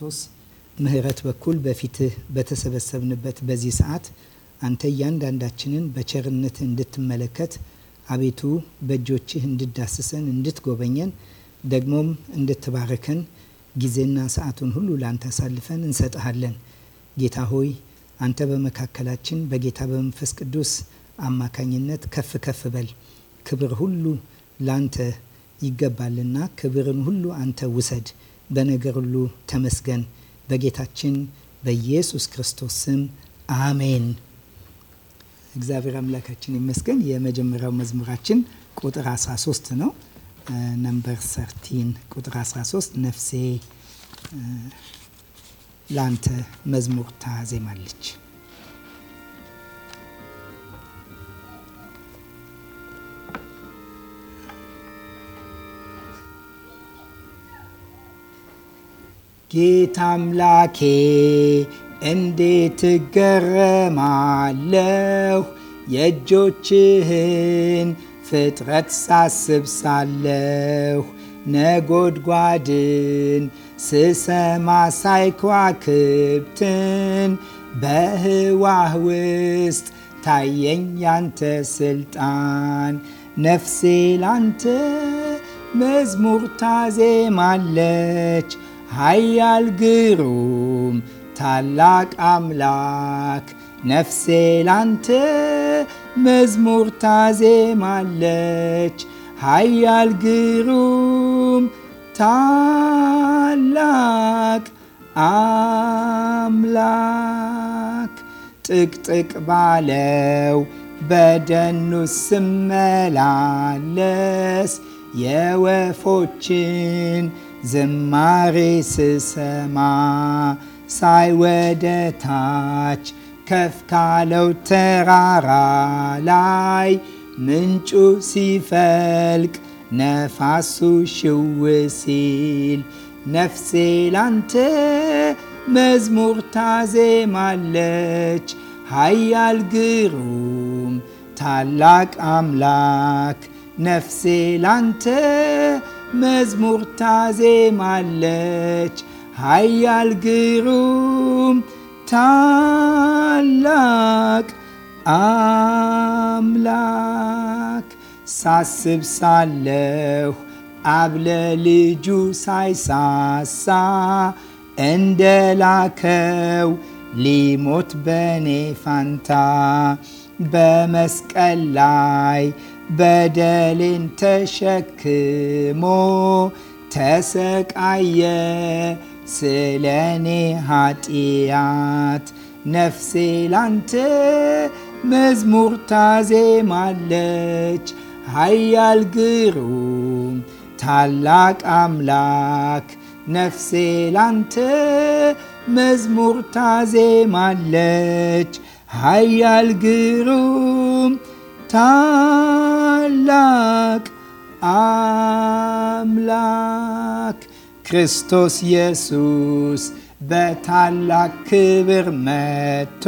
ክርስቶስ ምሕረት በኩል በፊትህ በተሰበሰብንበት በዚህ ሰዓት አንተ እያንዳንዳችንን በቸርነት እንድትመለከት አቤቱ በእጆችህ እንድዳስሰን እንድትጎበኘን ደግሞም እንድትባርከን ጊዜና ሰዓቱን ሁሉ ለአንተ አሳልፈን እንሰጥሃለን። ጌታ ሆይ አንተ በመካከላችን በጌታ በመንፈስ ቅዱስ አማካኝነት ከፍ ከፍ በል። ክብር ሁሉ ለአንተ ይገባልና ክብርን ሁሉ አንተ ውሰድ። በነገር ሁሉ ተመስገን። በጌታችን በኢየሱስ ክርስቶስ ስም አሜን። እግዚአብሔር አምላካችን ይመስገን። የመጀመሪያው መዝሙራችን ቁጥር 13 ነው። ነምበር ሰርቲን ቁጥር 13 ነፍሴ ለአንተ መዝሙር ታዜማለች። ጌታ አምላኬ እንዴት እገረማለሁ የእጆችህን ፍጥረት ሳስብ ሳለሁ ነጎድጓድን ስሰማ ሳይኳክብትን በህዋህ ውስጥ ታየኝ ያንተ ስልጣን ነፍሴ ላንተ መዝሙር ታዜማለች። ኃያል ግሩም ታላቅ አምላክ ነፍሴ ላንተ መዝሙር ታዜማለች። ኃያል ግሩም ታላቅ አምላክ ጥቅጥቅ ባለው በደኑ ስመላለስ የወፎችን ዝማሬ ስሰማ ሳይ ወደ ታች ከፍ ካለው ተራራ ላይ ምንጩ ሲፈልቅ ነፋሱ ሽው ሲል ነፍሴ ላንተ መዝሙር ታዜማለች። ኃያል ግሩም ታላቅ አምላክ ነፍሴ ላንተ መዝሙር ታዜማለች። ኃያል ግሩም ታላቅ አምላክ ሳስብ ሳለሁ አብ ለልጁ ሳይሳሳ እንደ ላከው ሊሞት በኔ ፋንታ በመስቀል ላይ በደሌን ተሸክሞ ተሰቃየ ስለኔ ኃጢአት ነፍሴ ላንተ መዝሙር ታዜማለች። ኃያል ግሩም ታላቅ አምላክ ነፍሴ ላንተ መዝሙር ታዜማለች። ኃያል ግሩም ታላቅ አምላክ ክርስቶስ ኢየሱስ በታላቅ ክብር መጥቶ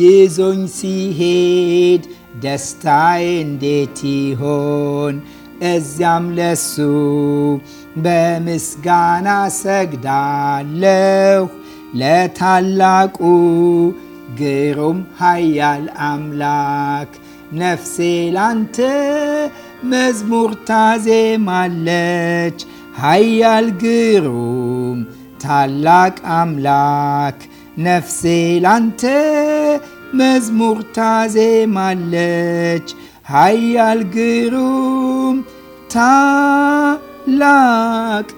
ይዞኝ ሲሄድ ደስታዬ እንዴት ይሆን? እዚያም ለሱ በምስጋና ሰግዳለሁ ለታላቁ ግሩም ኃያል አምላክ ነፍሴ ላንተ መዝሙር ታዜማለች። ኃያል ግሩም ታላቅ አምላክ ነፍሴ ላንተ መዝሙር ታዜማለች። ኃያል ግሩም ታላቅ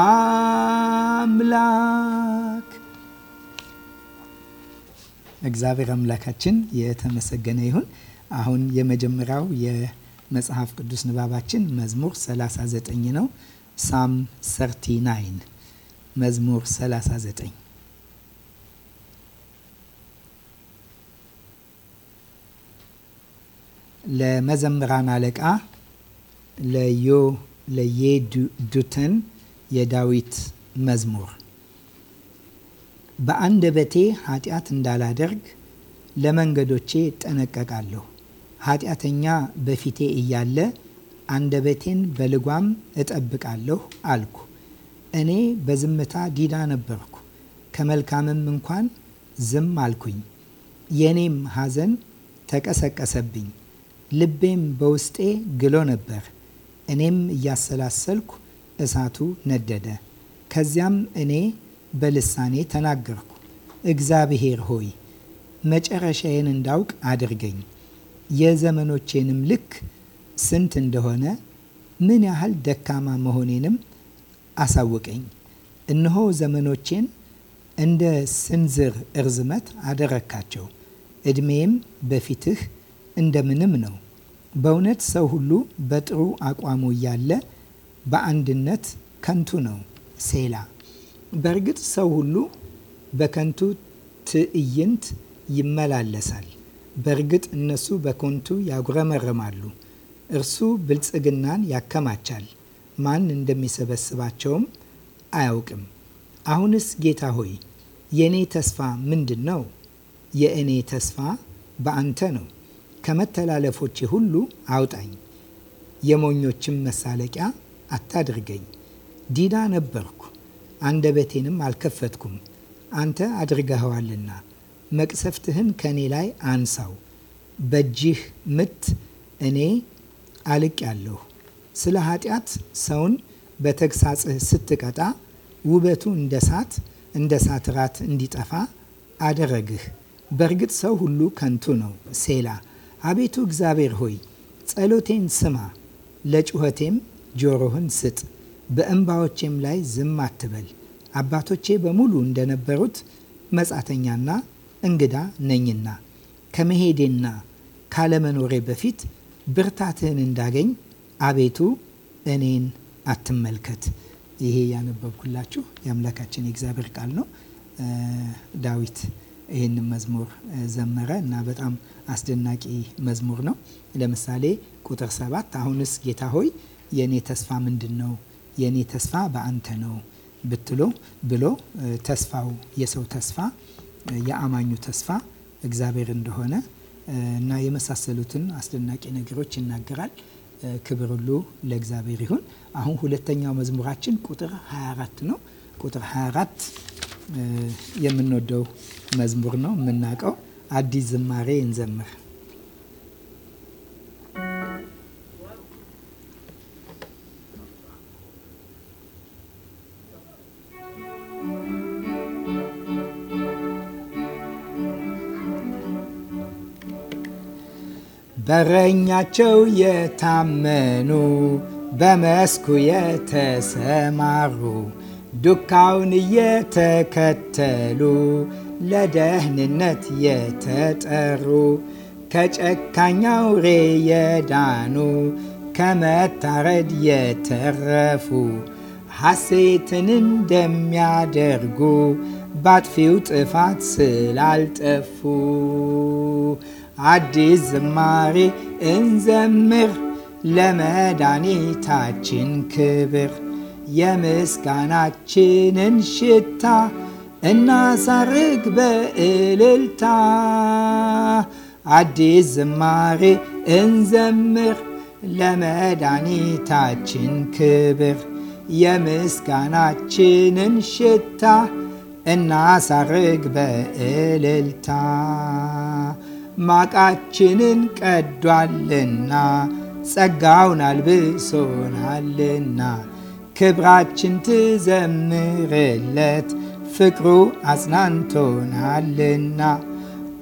አምላክ እግዚአብሔር አምላካችን የተመሰገነ ይሁን። አሁን የመጀመሪያው የመጽሐፍ ቅዱስ ንባባችን መዝሙር 39 ነው። ሳም 39 መዝሙር 39 ለመዘምራን አለቃ ለዮ ለየዱተን የዳዊት መዝሙር በአንደበቴ ኃጢአት እንዳላደርግ ለመንገዶቼ እጠነቀቃለሁ ኃጢአተኛ በፊቴ እያለ አንደበቴን በልጓም እጠብቃለሁ አልኩ። እኔ በዝምታ ዲዳ ነበርኩ፣ ከመልካምም እንኳን ዝም አልኩኝ። የእኔም ሐዘን ተቀሰቀሰብኝ፣ ልቤም በውስጤ ግሎ ነበር። እኔም እያሰላሰልኩ እሳቱ ነደደ። ከዚያም እኔ በልሳኔ ተናገርኩ፣ እግዚአብሔር ሆይ መጨረሻዬን እንዳውቅ አድርገኝ የዘመኖቼንም ልክ ስንት እንደሆነ ምን ያህል ደካማ መሆኔንም አሳውቀኝ። እነሆ ዘመኖቼን እንደ ስንዝር እርዝመት አደረካቸው፣ እድሜም በፊትህ እንደምንም ነው። በእውነት ሰው ሁሉ በጥሩ አቋሙ እያለ በአንድነት ከንቱ ነው። ሴላ። በእርግጥ ሰው ሁሉ በከንቱ ትዕይንት ይመላለሳል። በእርግጥ እነሱ በኮንቱ ያጉረመርማሉ። እርሱ ብልጽግናን ያከማቻል፣ ማን እንደሚሰበስባቸውም አያውቅም። አሁንስ ጌታ ሆይ የእኔ ተስፋ ምንድን ነው? የእኔ ተስፋ በአንተ ነው። ከመተላለፎቼ ሁሉ አውጣኝ፣ የሞኞችም መሳለቂያ አታድርገኝ። ዲዳ ነበርኩ፣ አንደበቴንም አልከፈትኩም፣ አንተ አድርገኸዋልና መቅሰፍትህን ከእኔ ላይ አንሳው። በእጅህ ምት እኔ አልቅ ያለሁ። ስለ ኃጢአት ሰውን በተግሳጽህ ስትቀጣ ውበቱ እንደ ሳት እንደ ሳት ራት እንዲጠፋ አደረግህ። በእርግጥ ሰው ሁሉ ከንቱ ነው። ሴላ። አቤቱ እግዚአብሔር ሆይ ጸሎቴን ስማ፣ ለጩኸቴም ጆሮህን ስጥ። በእንባዎቼም ላይ ዝም አትበል። አባቶቼ በሙሉ እንደነበሩት መጻተኛና እንግዳ ነኝና ከመሄዴና ካለመኖሬ በፊት ብርታትህን እንዳገኝ አቤቱ እኔን አትመልከት። ይሄ ያነበብኩላችሁ የአምላካችን የእግዚአብሔር ቃል ነው። ዳዊት ይህን መዝሙር ዘመረ እና በጣም አስደናቂ መዝሙር ነው። ለምሳሌ ቁጥር ሰባት አሁንስ ጌታ ሆይ የእኔ ተስፋ ምንድን ነው? የእኔ ተስፋ በአንተ ነው ብትሎ ብሎ ተስፋው የሰው ተስፋ የአማኙ ተስፋ እግዚአብሔር እንደሆነ እና የመሳሰሉትን አስደናቂ ነገሮች ይናገራል። ክብር ሁሉ ለእግዚአብሔር ይሁን። አሁን ሁለተኛው መዝሙራችን ቁጥር 24 ነው። ቁጥር 24 የምንወደው መዝሙር ነው፣ የምናውቀው አዲስ ዝማሬ እንዘምር በረኛቸው የታመኑ በመስኩ የተሰማሩ ዱካውን እየተከተሉ ለደህንነት የተጠሩ ከጨካኛው ሬ የዳኑ ከመታረድ የተረፉ ሐሴትን እንደሚያደርጉ ባጥፊው ጥፋት ስላልጠፉ አዲስ ዝማሬ እንዘምር ለመድኃኒታችን ክብር የምስጋናችንን ሽታ እናሳርግ በእልልታ። አዲስ ዝማሬ እንዘምር ለመድኃኒታችን ክብር የምስጋናችንን ሽታ እናሳርግ በእልልታ። ማቃችንን ቀዷልና ጸጋውን አልብሶናልና ክብራችን ትዘምርለት ፍቅሩ አጽናንቶናልና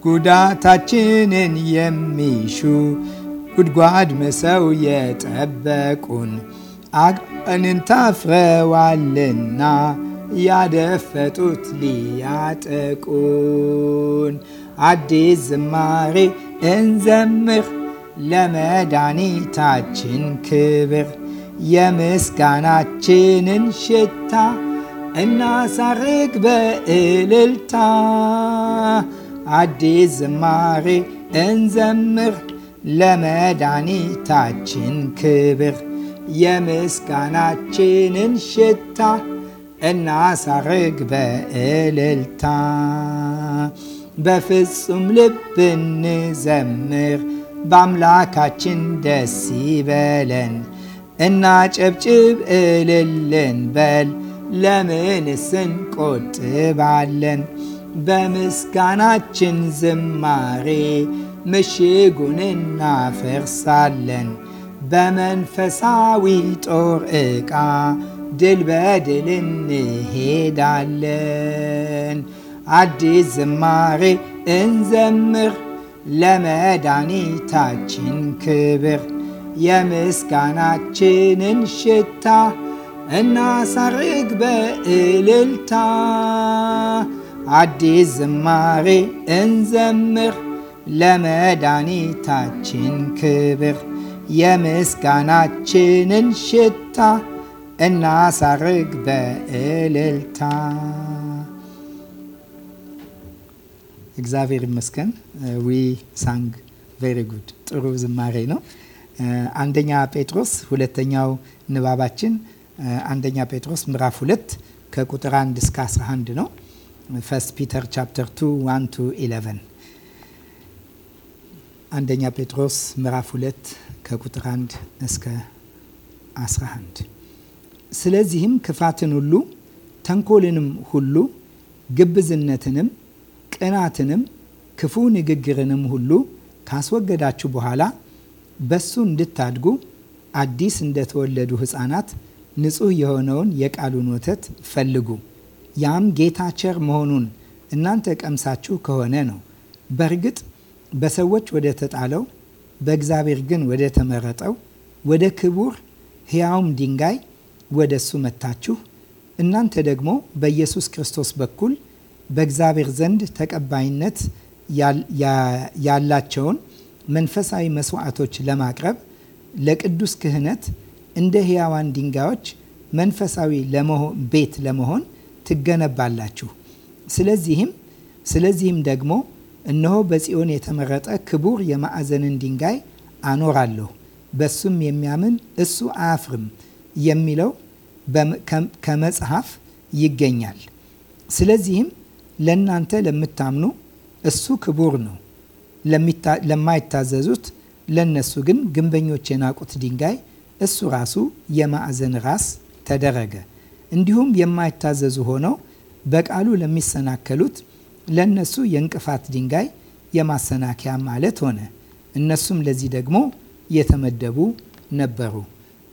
ጉዳታችንን የሚሹ ጉድጓድ መሰው የጠበቁን አቃንን ታፍረዋልና ያደፈጡት ሊያጠቁን አዲስ ዝማሬ እንዘምር ለመድኃኒታችን ክብር የምስጋናችንን ሽታ እናሳርግ በእልልታ። አዲስ ዝማሬ እንዘምር ለመድኃኒታችን ክብር የምስጋናችንን ሽታ እናሳርግ በእልልታ። በፍጹም ልብ እንዘምር፣ በአምላካችን ደስ ይበለን። እናጨብጭብ፣ እልል እንበል፣ ለምንስ እንቆጥባለን? በምስጋናችን ዝማሬ ምሽጉን እናፈርሳለን። በመንፈሳዊ ጦር ዕቃ ድል በድል እንሄዳለን። አዲስ ዝማሬ እንዘምር ለመድኃኒታችን ክብር የምስጋናችንን ሽታ እናሳርግ በእልልታ። አዲስ ዝማሬ እንዘምር ለመድኃኒታችን ክብር የምስጋናችንን ሽታ እናሳርግ በእልልታ። እግዚአብሔር ይመስገን። ዊ ሳንግ ቬሪ ጉድ ጥሩ ዝማሬ ነው። uh, አንደኛ ጴጥሮስ ሁለተኛው ንባባችን uh, አንደኛ ጴጥሮስ ምዕራፍ ሁለት ከቁጥር 1 እስከ 11 ነው። ፈስት ፒተር ቻፕተር 2 1 ቱ 11 አንደኛ ጴጥሮስ ምዕራፍ 2 ከቁጥር 1 እስከ 11 ስለዚህም ክፋትን ሁሉ ተንኮልንም ሁሉ ግብዝነትንም ቅናትንም ክፉ ንግግርንም ሁሉ ካስወገዳችሁ በኋላ በሱ እንድታድጉ አዲስ እንደተወለዱ ሕፃናት ንጹህ የሆነውን የቃሉን ወተት ፈልጉ። ያም ጌታ ቸር መሆኑን እናንተ ቀምሳችሁ ከሆነ ነው። በእርግጥ በሰዎች ወደ ተጣለው በእግዚአብሔር ግን ወደ ተመረጠው ወደ ክቡር ሕያውም ድንጋይ ወደ እሱ መታችሁ። እናንተ ደግሞ በኢየሱስ ክርስቶስ በኩል በእግዚአብሔር ዘንድ ተቀባይነት ያላቸውን መንፈሳዊ መስዋዕቶች ለማቅረብ ለቅዱስ ክህነት እንደ ህያዋን ድንጋዮች መንፈሳዊ ቤት ለመሆን ትገነባላችሁ። ስለዚህም ስለዚህም ደግሞ እነሆ በጽዮን የተመረጠ ክቡር የማዕዘንን ድንጋይ አኖራለሁ፣ በሱም የሚያምን እሱ አያፍርም የሚለው ከመጽሐፍ ይገኛል። ስለዚህም ለእናንተ ለምታምኑ እሱ ክቡር ነው። ለማይታዘዙት ለነሱ ግን ግንበኞች የናቁት ድንጋይ እሱ ራሱ የማዕዘን ራስ ተደረገ። እንዲሁም የማይታዘዙ ሆነው በቃሉ ለሚሰናከሉት ለነሱ የእንቅፋት ድንጋይ የማሰናከያ ማለት ሆነ። እነሱም ለዚህ ደግሞ የተመደቡ ነበሩ።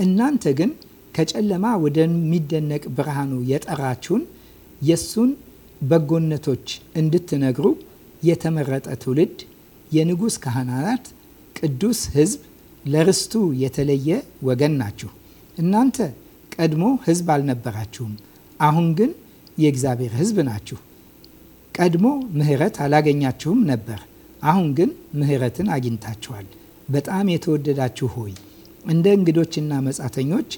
እናንተ ግን ከጨለማ ወደሚደነቅ ብርሃኑ የጠራችሁን የእሱን በጎነቶች እንድትነግሩ የተመረጠ ትውልድ፣ የንጉሥ ካህናት፣ ቅዱስ ሕዝብ፣ ለርስቱ የተለየ ወገን ናችሁ። እናንተ ቀድሞ ሕዝብ አልነበራችሁም፣ አሁን ግን የእግዚአብሔር ሕዝብ ናችሁ። ቀድሞ ምሕረት አላገኛችሁም ነበር፣ አሁን ግን ምሕረትን አግኝታችኋል። በጣም የተወደዳችሁ ሆይ እንደ እንግዶችና መጻተኞች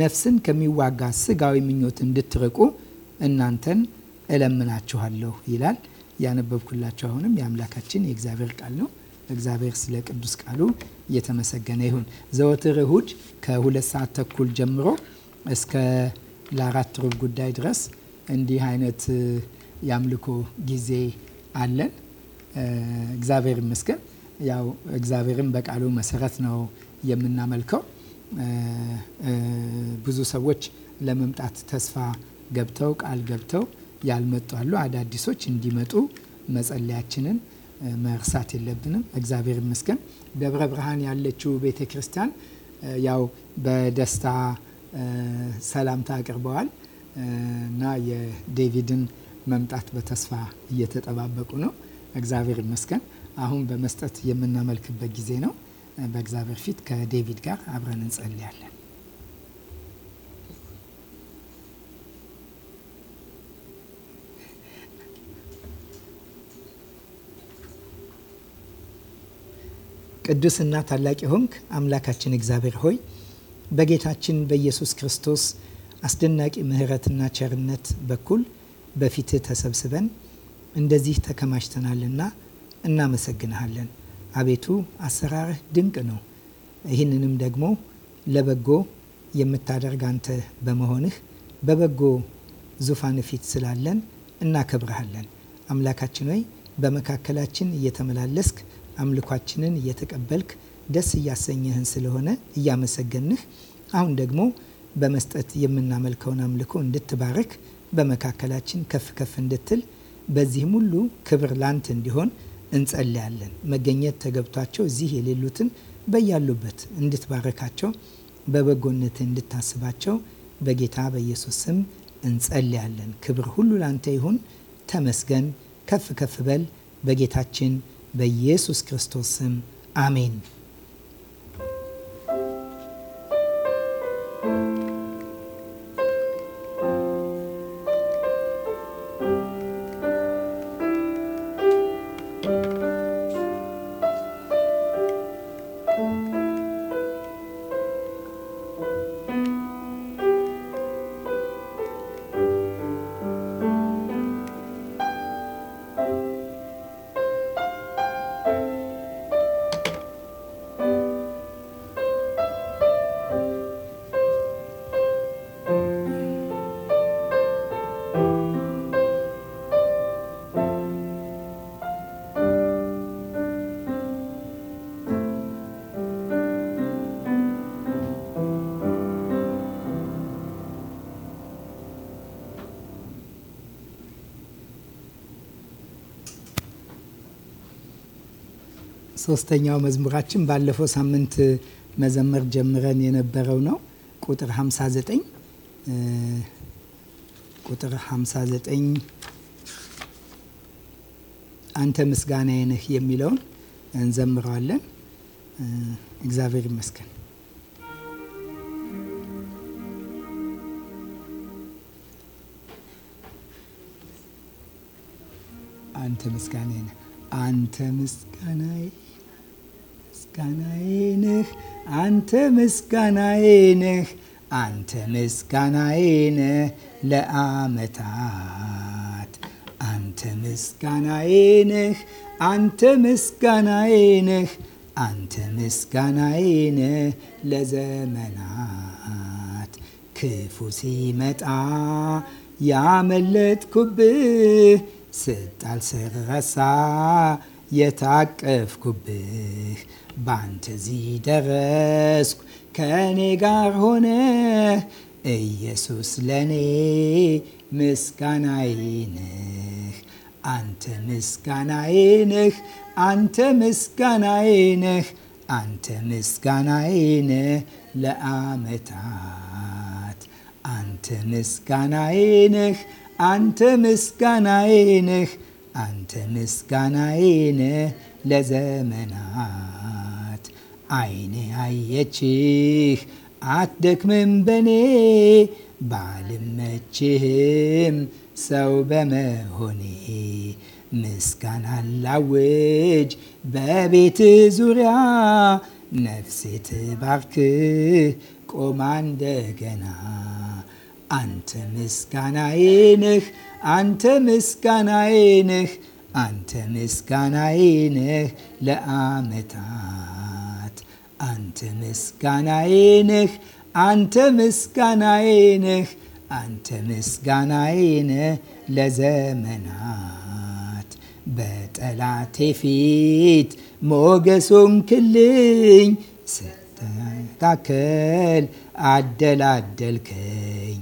ነፍስን ከሚዋጋ ስጋዊ ምኞት እንድትርቁ እናንተን እለምናችኋለሁ ይላል። ያነበብኩላችሁ አሁንም የአምላካችን የእግዚአብሔር ቃል ነው። እግዚአብሔር ስለ ቅዱስ ቃሉ እየተመሰገነ ይሁን። ዘወትር እሁድ ከሁለት ሰዓት ተኩል ጀምሮ እስከ ለአራት ሩብ ጉዳይ ድረስ እንዲህ አይነት የአምልኮ ጊዜ አለን። እግዚአብሔር ይመስገን። ያው እግዚአብሔርን በቃሉ መሰረት ነው የምናመልከው። ብዙ ሰዎች ለመምጣት ተስፋ ገብተው ቃል ገብተው ያልመጡ አሉ። አዳዲሶች እንዲመጡ መጸለያችንን መርሳት የለብንም። እግዚአብሔር ይመስገን። ደብረ ብርሃን ያለችው ቤተ ክርስቲያን ያው በደስታ ሰላምታ አቅርበዋል እና የዴቪድን መምጣት በተስፋ እየተጠባበቁ ነው። እግዚአብሔር ይመስገን። አሁን በመስጠት የምናመልክበት ጊዜ ነው። በእግዚአብሔር ፊት ከዴቪድ ጋር አብረን እንጸልያለን። ቅዱስና ታላቅ የሆንክ አምላካችን እግዚአብሔር ሆይ በጌታችን በኢየሱስ ክርስቶስ አስደናቂ ምሕረትና ቸርነት በኩል በፊትህ ተሰብስበን እንደዚህ ተከማችተናልና እናመሰግንሃለን። አቤቱ አሰራርህ ድንቅ ነው። ይህንንም ደግሞ ለበጎ የምታደርግ አንተ በመሆንህ በበጎ ዙፋን ፊት ስላለን እናከብረሃለን። አምላካችን ሆይ በመካከላችን እየተመላለስክ አምልኳችንን እየተቀበልክ ደስ እያሰኘህን ስለሆነ እያመሰገንህ አሁን ደግሞ በመስጠት የምናመልከውን አምልኮ እንድትባረክ በመካከላችን ከፍ ከፍ እንድትል በዚህም ሁሉ ክብር ላንተ እንዲሆን እንጸልያለን። መገኘት ተገብቷቸው እዚህ የሌሉትን በያሉበት እንድትባረካቸው በበጎነት እንድታስባቸው በጌታ በኢየሱስ ስም እንጸልያለን። ክብር ሁሉ ላንተ ይሁን። ተመስገን። ከፍ ከፍ በል በጌታችን በኢየሱስ ክርስቶስ ስም አሜን። ሶስተኛው መዝሙራችን ባለፈው ሳምንት መዘመር ጀምረን የነበረው ነው። ቁጥር 59 ቁጥር 59 አንተ ምስጋናዬ ነህ የሚለውን እንዘምረዋለን። እግዚአብሔር ይመስገን። አንተ ምስጋናዬ ነህ አንተ ምስጋናዬ ምስጋናዬ ነህ አንተ ምስጋናዬ ነህ አንተ ምስጋናዬ ነህ ለአመታት አንተ ምስጋናዬ ነህ አንተ ምስጋናዬ ነህ አንተ ምስጋናዬ ነህ ለዘመናት ክፉ ሲመጣ ያመለጥኩብህ ስጣል ስረሳ የታቀፍኩብህ በአንተ ዚህ ደረስኩ ከእኔ ጋር ሆነ ኢየሱስ ለእኔ ምስጋናዬ ነህ አንተ ምስጋናዬ ነህ አንተ ምስጋናዬ ነህ አንተ ምስጋናዬ ነህ አንተ ምስጋናዬ ነህ አንተ ምስጋናዬ ነህ አንተ ምስጋናዬ ነህ ለዘመናት አይኔ አየችህ አትደክምም በኔ ባልመችህም ሰው በመሆኔ ምስጋና ላውጅ በቤት ዙሪያ ነፍሴ ትባርክህ ቆማ እንደገና አንተ ምስጋናዬ ነህ አንተ ምስጋናዬ ነህ፣ አንተ ምስጋናዬ ነህ ለዓመታት። አንተ ምስጋናዬ ነህ፣ አንተ ምስጋናዬ ነህ፣ አንተ ምስጋናዬ ነህ ለአመታት አንተ ምስጋናዬ ነህ አንተ ምስጋናዬ ነህ አንተ ምስጋናዬ ነህ ለዘመናት በጠላቴ ፊት ሞገሶን ክልኝ ስተካከል አደላደልከኝ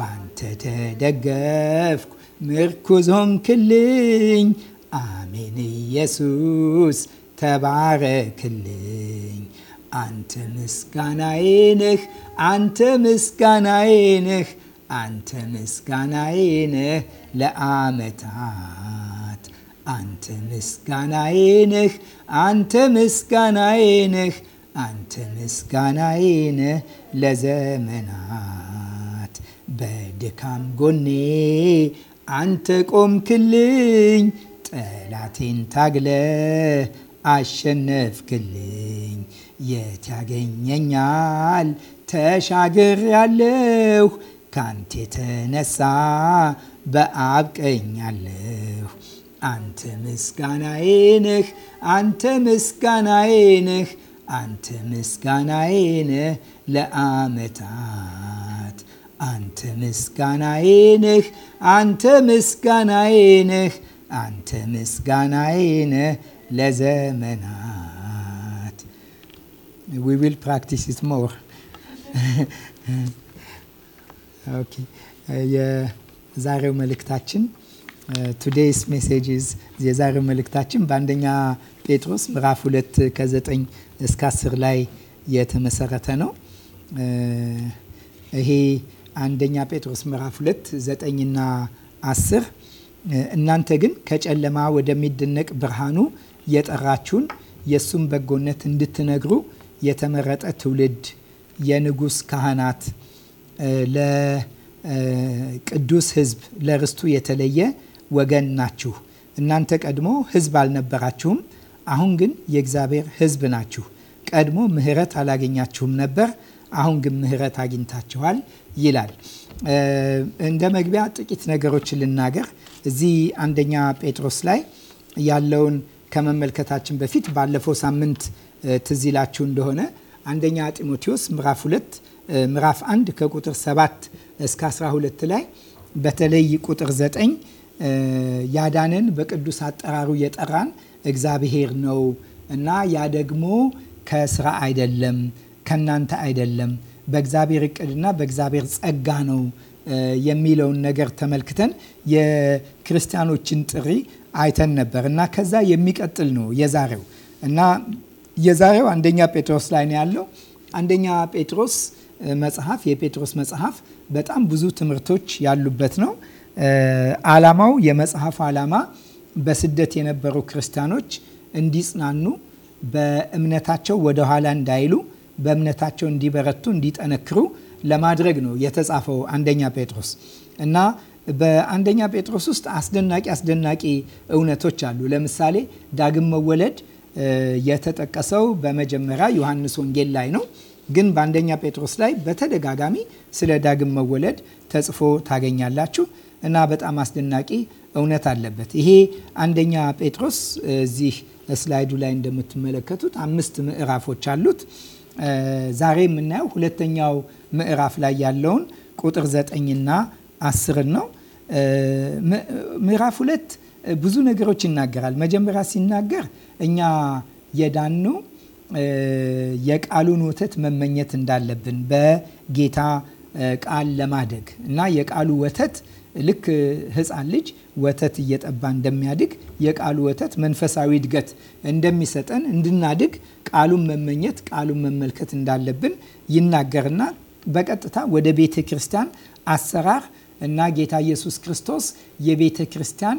ባንተ ተደገፍኩ ምርኩዝ ክልኝ አሜን ኢየሱስ ተባረክልኝ። አንተ ምስጋናዬ ነህ፣ አንተ ምስጋናዬ ነህ፣ አንተ ምስጋናዬ ነህ ለዓመታት። አንተ ምስጋናዬ ነህ፣ አንተ ምስጋናዬ ነህ ለአመታት አንተ ምስጋናዬ ነህ አንተ ምስጋናዬ ነህ አንተ ምስጋናዬ ነህ ለዘመናት በድካም ጎኔ አንተ ቆምክልኝ ጠላቴን ታግለ አሸነፍክልኝ። የት ያገኘኛል ተሻገር ያለሁ ካንተ የተነሳ በአብቀኛለሁ። አንተ ምስጋናዬ ነህ፣ አንተ ምስጋናዬ ነህ፣ አንተ ምስጋናዬ ነህ ለአመታት አንተ ምስጋናዬ ነህ፣ አንተ ምስጋናዬ ነህ፣ አንተ ምስጋናዬ ነህ ለዘመናት። ዊ ዊል ፕራክቲስ ኢት ሞር። የዛሬው መልእክታችን ቱዴይስ ሜሴጅስ የዛሬው መልእክታችን በአንደኛ ጴጥሮስ ምዕራፍ ሁለት ከዘጠኝ እስከ አስር ላይ የተመሰረተ ነው። ይሄ አንደኛ ጴጥሮስ ምዕራፍ 2 ዘጠኝና አስር እናንተ ግን ከጨለማ ወደሚደነቅ ብርሃኑ የጠራችሁን የእሱም በጎነት እንድትነግሩ የተመረጠ ትውልድ የንጉስ ካህናት ለቅዱስ ሕዝብ ለርስቱ የተለየ ወገን ናችሁ። እናንተ ቀድሞ ሕዝብ አልነበራችሁም፣ አሁን ግን የእግዚአብሔር ሕዝብ ናችሁ። ቀድሞ ምሕረት አላገኛችሁም ነበር አሁን ግን ምህረት አግኝታችኋል ይላል። እንደ መግቢያ ጥቂት ነገሮች ልናገር። እዚህ አንደኛ ጴጥሮስ ላይ ያለውን ከመመልከታችን በፊት ባለፈው ሳምንት ትዝ እንደሆነ አንደኛ ጢሞቴዎስ ምዕራፍ 2 ምዕራፍ 1 ከቁጥር 7 እስከ 12 ላይ በተለይ ቁጥር 9 ያዳንን በቅዱስ አጠራሩ የጠራን እግዚአብሔር ነው እና ያ ደግሞ ከስራ አይደለም ከእናንተ አይደለም፣ በእግዚአብሔር እቅድና በእግዚአብሔር ጸጋ ነው የሚለውን ነገር ተመልክተን የክርስቲያኖችን ጥሪ አይተን ነበር እና ከዛ የሚቀጥል ነው የዛሬው እና የዛሬው አንደኛ ጴጥሮስ ላይ ነው ያለው። አንደኛ ጴጥሮስ መጽሐፍ የጴጥሮስ መጽሐፍ በጣም ብዙ ትምህርቶች ያሉበት ነው። ዓላማው የመጽሐፉ ዓላማ በስደት የነበሩ ክርስቲያኖች እንዲጽናኑ፣ በእምነታቸው ወደኋላ እንዳይሉ፣ በእምነታቸው እንዲበረቱ እንዲጠነክሩ ለማድረግ ነው የተጻፈው አንደኛ ጴጥሮስ እና በአንደኛ ጴጥሮስ ውስጥ አስደናቂ አስደናቂ እውነቶች አሉ። ለምሳሌ ዳግም መወለድ የተጠቀሰው በመጀመሪያ ዮሐንስ ወንጌል ላይ ነው። ግን በአንደኛ ጴጥሮስ ላይ በተደጋጋሚ ስለ ዳግም መወለድ ተጽፎ ታገኛላችሁ እና በጣም አስደናቂ እውነት አለበት። ይሄ አንደኛ ጴጥሮስ እዚህ ስላይዱ ላይ እንደምትመለከቱት አምስት ምዕራፎች አሉት። ዛሬ የምናየው ሁለተኛው ምዕራፍ ላይ ያለውን ቁጥር ዘጠኝና አስርን ነው። ምዕራፍ ሁለት ብዙ ነገሮች ይናገራል። መጀመሪያ ሲናገር እኛ የዳኑ የቃሉን ወተት መመኘት እንዳለብን በጌታ ቃል ለማደግ እና የቃሉ ወተት ልክ ህፃን ልጅ ወተት እየጠባ እንደሚያድግ የቃሉ ወተት መንፈሳዊ እድገት እንደሚሰጠን እንድናድግ ቃሉን መመኘት፣ ቃሉን መመልከት እንዳለብን ይናገርና በቀጥታ ወደ ቤተ ክርስቲያን አሰራር እና ጌታ ኢየሱስ ክርስቶስ የቤተ ክርስቲያን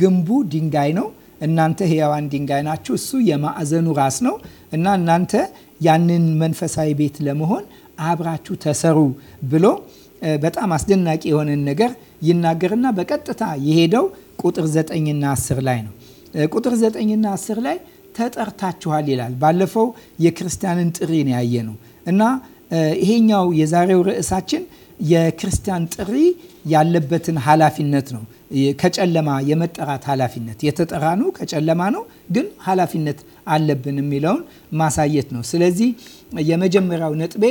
ግንቡ ድንጋይ ነው። እናንተ ህያዋን ድንጋይ ናችሁ፣ እሱ የማዕዘኑ ራስ ነው እና እናንተ ያንን መንፈሳዊ ቤት ለመሆን አብራችሁ ተሰሩ ብሎ በጣም አስደናቂ የሆነን ነገር ይናገርና በቀጥታ የሄደው ቁጥር ዘጠኝና አስር ላይ ነው። ቁጥር ዘጠኝና አስር ላይ ተጠርታችኋል ይላል። ባለፈው የክርስቲያንን ጥሪ ነው ያየ ነው እና ይሄኛው የዛሬው ርዕሳችን የክርስቲያን ጥሪ ያለበትን ኃላፊነት ነው። ከጨለማ የመጠራት ኃላፊነት የተጠራ ነው ከጨለማ ነው፣ ግን ኃላፊነት አለብን የሚለውን ማሳየት ነው። ስለዚህ የመጀመሪያው ነጥቤ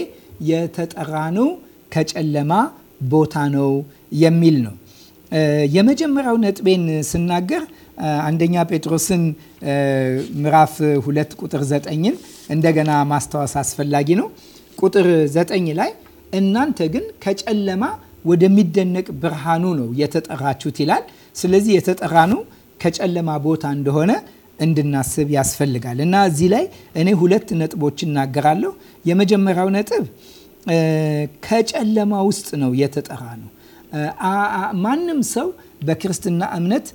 የተጠራ ነው ከጨለማ ቦታ ነው የሚል ነው። የመጀመሪያው ነጥቤን ስናገር አንደኛ ጴጥሮስን ምዕራፍ ሁለት ቁጥር ዘጠኝን እንደገና ማስታወስ አስፈላጊ ነው። ቁጥር ዘጠኝ ላይ እናንተ ግን ከጨለማ ወደሚደነቅ ብርሃኑ ነው የተጠራችሁት ይላል። ስለዚህ የተጠራኑ ከጨለማ ቦታ እንደሆነ እንድናስብ ያስፈልጋል እና እዚህ ላይ እኔ ሁለት ነጥቦች እናገራለሁ። የመጀመሪያው ነጥብ ከጨለማ ውስጥ ነው የተጠራ ነው። ማንም ሰው በክርስትና እምነት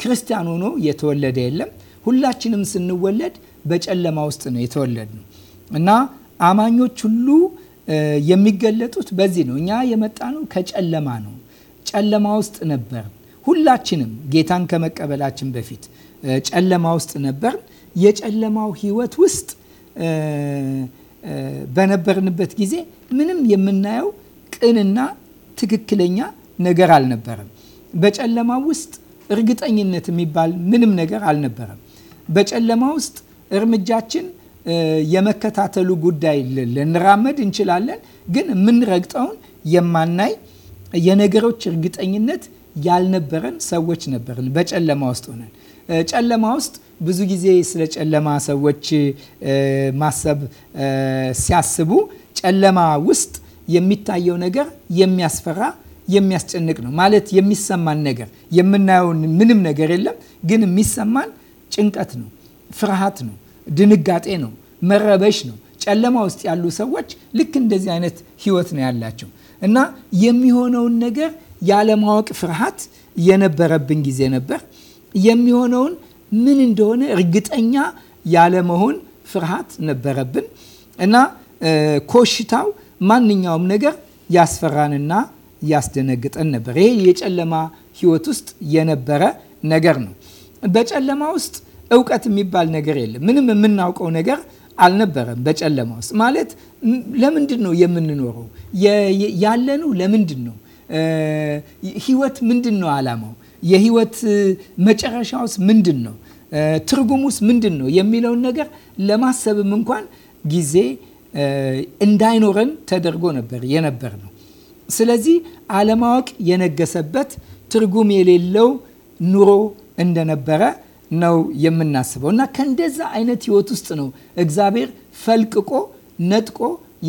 ክርስቲያን ሆኖ የተወለደ የለም። ሁላችንም ስንወለድ በጨለማ ውስጥ ነው የተወለድ ነው እና አማኞች ሁሉ የሚገለጡት በዚህ ነው። እኛ የመጣ ነው ከጨለማ ነው። ጨለማ ውስጥ ነበር። ሁላችንም ጌታን ከመቀበላችን በፊት ጨለማ ውስጥ ነበር። የጨለማው ህይወት ውስጥ በነበርንበት ጊዜ ምንም የምናየው ቅንና ትክክለኛ ነገር አልነበረም። በጨለማ ውስጥ እርግጠኝነት የሚባል ምንም ነገር አልነበረም። በጨለማ ውስጥ እርምጃችን የመከታተሉ ጉዳይ ልንራመድ እንችላለን፣ ግን የምንረግጠውን የማናይ የነገሮች እርግጠኝነት ያልነበረን ሰዎች ነበርን በጨለማ ውስጥ ሆነን ጨለማ ውስጥ ብዙ ጊዜ ስለ ጨለማ ሰዎች ማሰብ ሲያስቡ ጨለማ ውስጥ የሚታየው ነገር የሚያስፈራ የሚያስጨንቅ ነው። ማለት የሚሰማን ነገር የምናየውን ምንም ነገር የለም፣ ግን የሚሰማን ጭንቀት ነው፣ ፍርሃት ነው፣ ድንጋጤ ነው፣ መረበሽ ነው። ጨለማ ውስጥ ያሉ ሰዎች ልክ እንደዚህ አይነት ህይወት ነው ያላቸው እና የሚሆነውን ነገር ያለማወቅ ፍርሃት የነበረብን ጊዜ ነበር። የሚሆነውን ምን እንደሆነ እርግጠኛ ያለመሆን ፍርሃት ነበረብን እና ኮሽታው ማንኛውም ነገር ያስፈራንና ያስደነግጠን ነበር። ይሄ የጨለማ ህይወት ውስጥ የነበረ ነገር ነው። በጨለማ ውስጥ እውቀት የሚባል ነገር የለም። ምንም የምናውቀው ነገር አልነበረም። በጨለማ ውስጥ ማለት ለምንድን ነው የምንኖረው? ያለነው ለምንድን ነው? ህይወት ምንድን ነው አላማው? የህይወት መጨረሻውስ ምንድን ነው? ትርጉሙስ ምንድን ነው የሚለውን ነገር ለማሰብም እንኳን ጊዜ እንዳይኖረን ተደርጎ ነበር የነበር ነው። ስለዚህ አለማወቅ የነገሰበት ትርጉም የሌለው ኑሮ እንደነበረ ነው የምናስበው እና ከእንደዛ አይነት ህይወት ውስጥ ነው እግዚአብሔር ፈልቅቆ ነጥቆ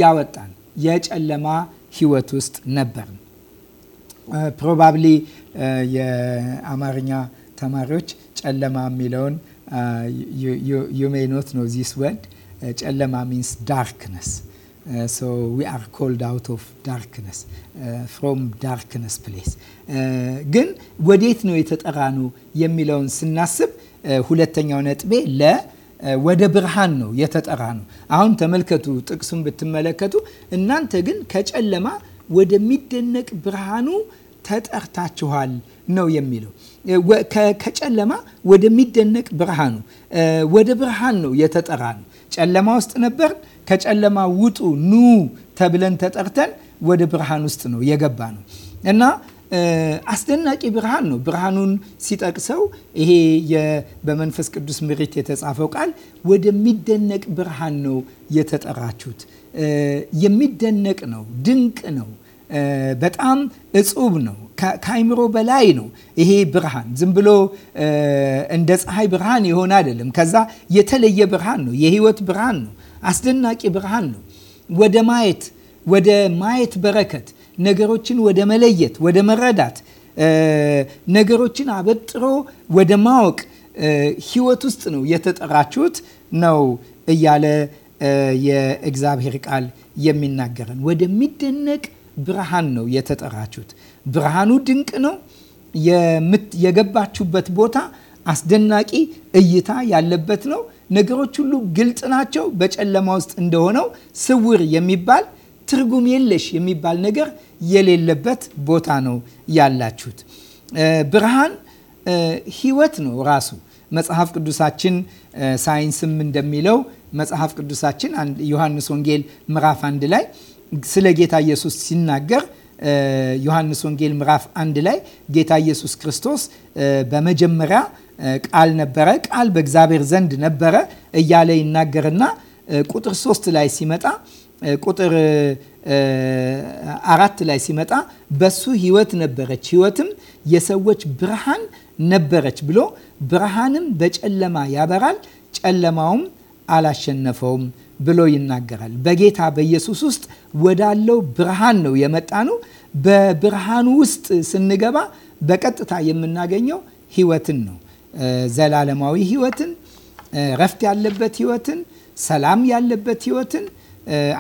ያወጣን። የጨለማ ህይወት ውስጥ ነበር። ፕሮባብሊ የአማርኛ ተማሪዎች ጨለማ የሚለውን ዩሜኖት ነው ዚስ ወርድ ጨለማ ሚንስ ዳርክነስ ሶ ዊ አር ኮልድ አውት ኦፍ ዳርክነስ ፍሮም ዳርክነስ ፕሌስ ግን ወዴት ነው የተጠራኑ የሚለውን ስናስብ ሁለተኛው ነጥቤ ለ ወደ ብርሃን ነው የተጠራኑ። አሁን ተመልከቱ፣ ጥቅሱን ብትመለከቱ እናንተ ግን ከጨለማ ወደሚደነቅ ብርሃኑ ተጠርታችኋል ነው የሚለው። ከጨለማ ወደሚደነቅ ብርሃኑ ወደ ብርሃን ነው የተጠራ ነው። ጨለማ ውስጥ ነበር። ከጨለማ ውጡ ኑ ተብለን ተጠርተን ወደ ብርሃን ውስጥ ነው የገባ ነው እና አስደናቂ ብርሃን ነው። ብርሃኑን ሲጠቅሰው ይሄ በመንፈስ ቅዱስ ምሪት የተጻፈው ቃል ወደሚደነቅ ብርሃን ነው የተጠራችሁት። የሚደነቅ ነው፣ ድንቅ ነው፣ በጣም እጹብ ነው። ከአይምሮ በላይ ነው። ይሄ ብርሃን ዝም ብሎ እንደ ፀሐይ ብርሃን የሆነ አይደለም። ከዛ የተለየ ብርሃን ነው። የህይወት ብርሃን ነው። አስደናቂ ብርሃን ነው። ወደ ማየት ወደ ማየት በረከት ነገሮችን ወደ መለየት ወደ መረዳት ነገሮችን አበጥሮ ወደ ማወቅ ህይወት ውስጥ ነው የተጠራችሁት ነው እያለ የእግዚአብሔር ቃል የሚናገረን ወደሚደነቅ ብርሃን ነው የተጠራችሁት። ብርሃኑ ድንቅ ነው። የገባችሁበት ቦታ አስደናቂ እይታ ያለበት ነው። ነገሮች ሁሉ ግልጽ ናቸው። በጨለማ ውስጥ እንደሆነው ስውር የሚባል ትርጉም የለሽ የሚባል ነገር የሌለበት ቦታ ነው ያላችሁት። ብርሃን ሕይወት ነው ራሱ። መጽሐፍ ቅዱሳችን ሳይንስም እንደሚለው መጽሐፍ ቅዱሳችን ዮሐንስ ወንጌል ምዕራፍ አንድ ላይ ስለ ጌታ ኢየሱስ ሲናገር ዮሐንስ ወንጌል ምዕራፍ አንድ ላይ ጌታ ኢየሱስ ክርስቶስ በመጀመሪያ ቃል ነበረ፣ ቃል በእግዚአብሔር ዘንድ ነበረ እያለ ይናገርና ቁጥር ሶስት ላይ ሲመጣ ቁጥር አራት ላይ ሲመጣ በሱ ህይወት ነበረች፣ ህይወትም የሰዎች ብርሃን ነበረች ብሎ ብርሃንም በጨለማ ያበራል፣ ጨለማውም አላሸነፈውም ብሎ ይናገራል። በጌታ በኢየሱስ ውስጥ ወዳለው ብርሃን ነው የመጣ ነው። በብርሃኑ ውስጥ ስንገባ በቀጥታ የምናገኘው ህይወትን ነው። ዘላለማዊ ህይወትን፣ ረፍት ያለበት ህይወትን፣ ሰላም ያለበት ህይወትን፣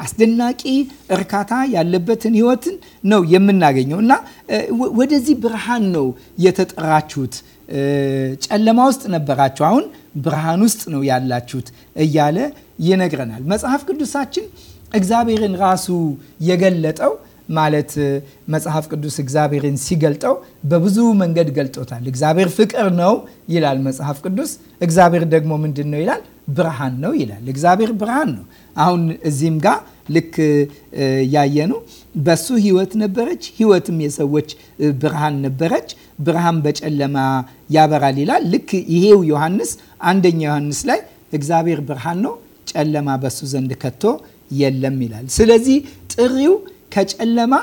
አስደናቂ እርካታ ያለበትን ህይወትን ነው የምናገኘው እና ወደዚህ ብርሃን ነው የተጠራችሁት። ጨለማ ውስጥ ነበራችሁ፣ አሁን ብርሃን ውስጥ ነው ያላችሁት እያለ ይነግረናል። መጽሐፍ ቅዱሳችን እግዚአብሔርን ራሱ የገለጠው ማለት መጽሐፍ ቅዱስ እግዚአብሔርን ሲገልጠው በብዙ መንገድ ገልጦታል። እግዚአብሔር ፍቅር ነው ይላል መጽሐፍ ቅዱስ። እግዚአብሔር ደግሞ ምንድን ነው ይላል? ብርሃን ነው ይላል። እግዚአብሔር ብርሃን ነው። አሁን እዚህም ጋር ልክ ያየኑ በሱ ህይወት ነበረች፣ ህይወትም የሰዎች ብርሃን ነበረች። ብርሃን በጨለማ ያበራል ይላል። ልክ ይሄው ዮሐንስ አንደኛ ዮሐንስ ላይ እግዚአብሔር ብርሃን ነው፣ ጨለማ በሱ ዘንድ ከቶ የለም ይላል። ስለዚህ ጥሪው ከጨለማ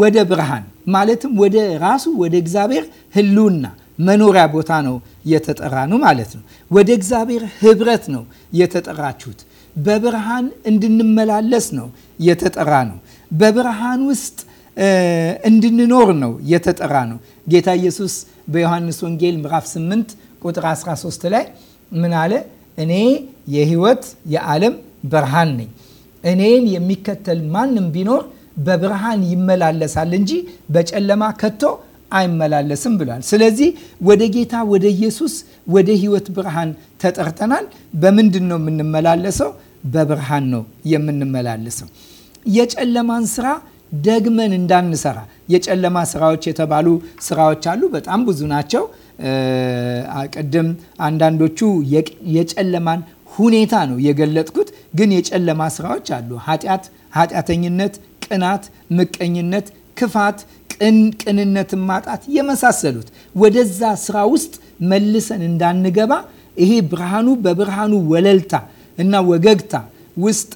ወደ ብርሃን ማለትም ወደ ራሱ ወደ እግዚአብሔር ህልውና መኖሪያ ቦታ ነው የተጠራ ነው ማለት ነው። ወደ እግዚአብሔር ህብረት ነው የተጠራችሁት። በብርሃን እንድንመላለስ ነው የተጠራ ነው። በብርሃን ውስጥ እንድንኖር ነው የተጠራ ነው። ጌታ ኢየሱስ በዮሐንስ ወንጌል ምዕራፍ 8 ቁጥር 13 ላይ ምን አለ? እኔ የህይወት የዓለም ብርሃን ነኝ። እኔን የሚከተል ማንም ቢኖር በብርሃን ይመላለሳል እንጂ በጨለማ ከቶ አይመላለስም ብሏል። ስለዚህ ወደ ጌታ ወደ ኢየሱስ ወደ ህይወት ብርሃን ተጠርተናል። በምንድን ነው የምንመላለሰው? በብርሃን ነው የምንመላለሰው። የጨለማን ስራ ደግመን እንዳንሰራ የጨለማ ስራዎች የተባሉ ስራዎች አሉ። በጣም ብዙ ናቸው። ቅድም አንዳንዶቹ የጨለማን ሁኔታ ነው የገለጥኩት። ግን የጨለማ ስራዎች አሉ። ኃጢአት፣ ኃጢአተኝነት፣ ቅናት፣ ምቀኝነት፣ ክፋት፣ ቅንነትን ማጣት የመሳሰሉት ወደዛ ስራ ውስጥ መልሰን እንዳንገባ ይሄ ብርሃኑ በብርሃኑ ወለልታ እና ወገግታ ውስጥ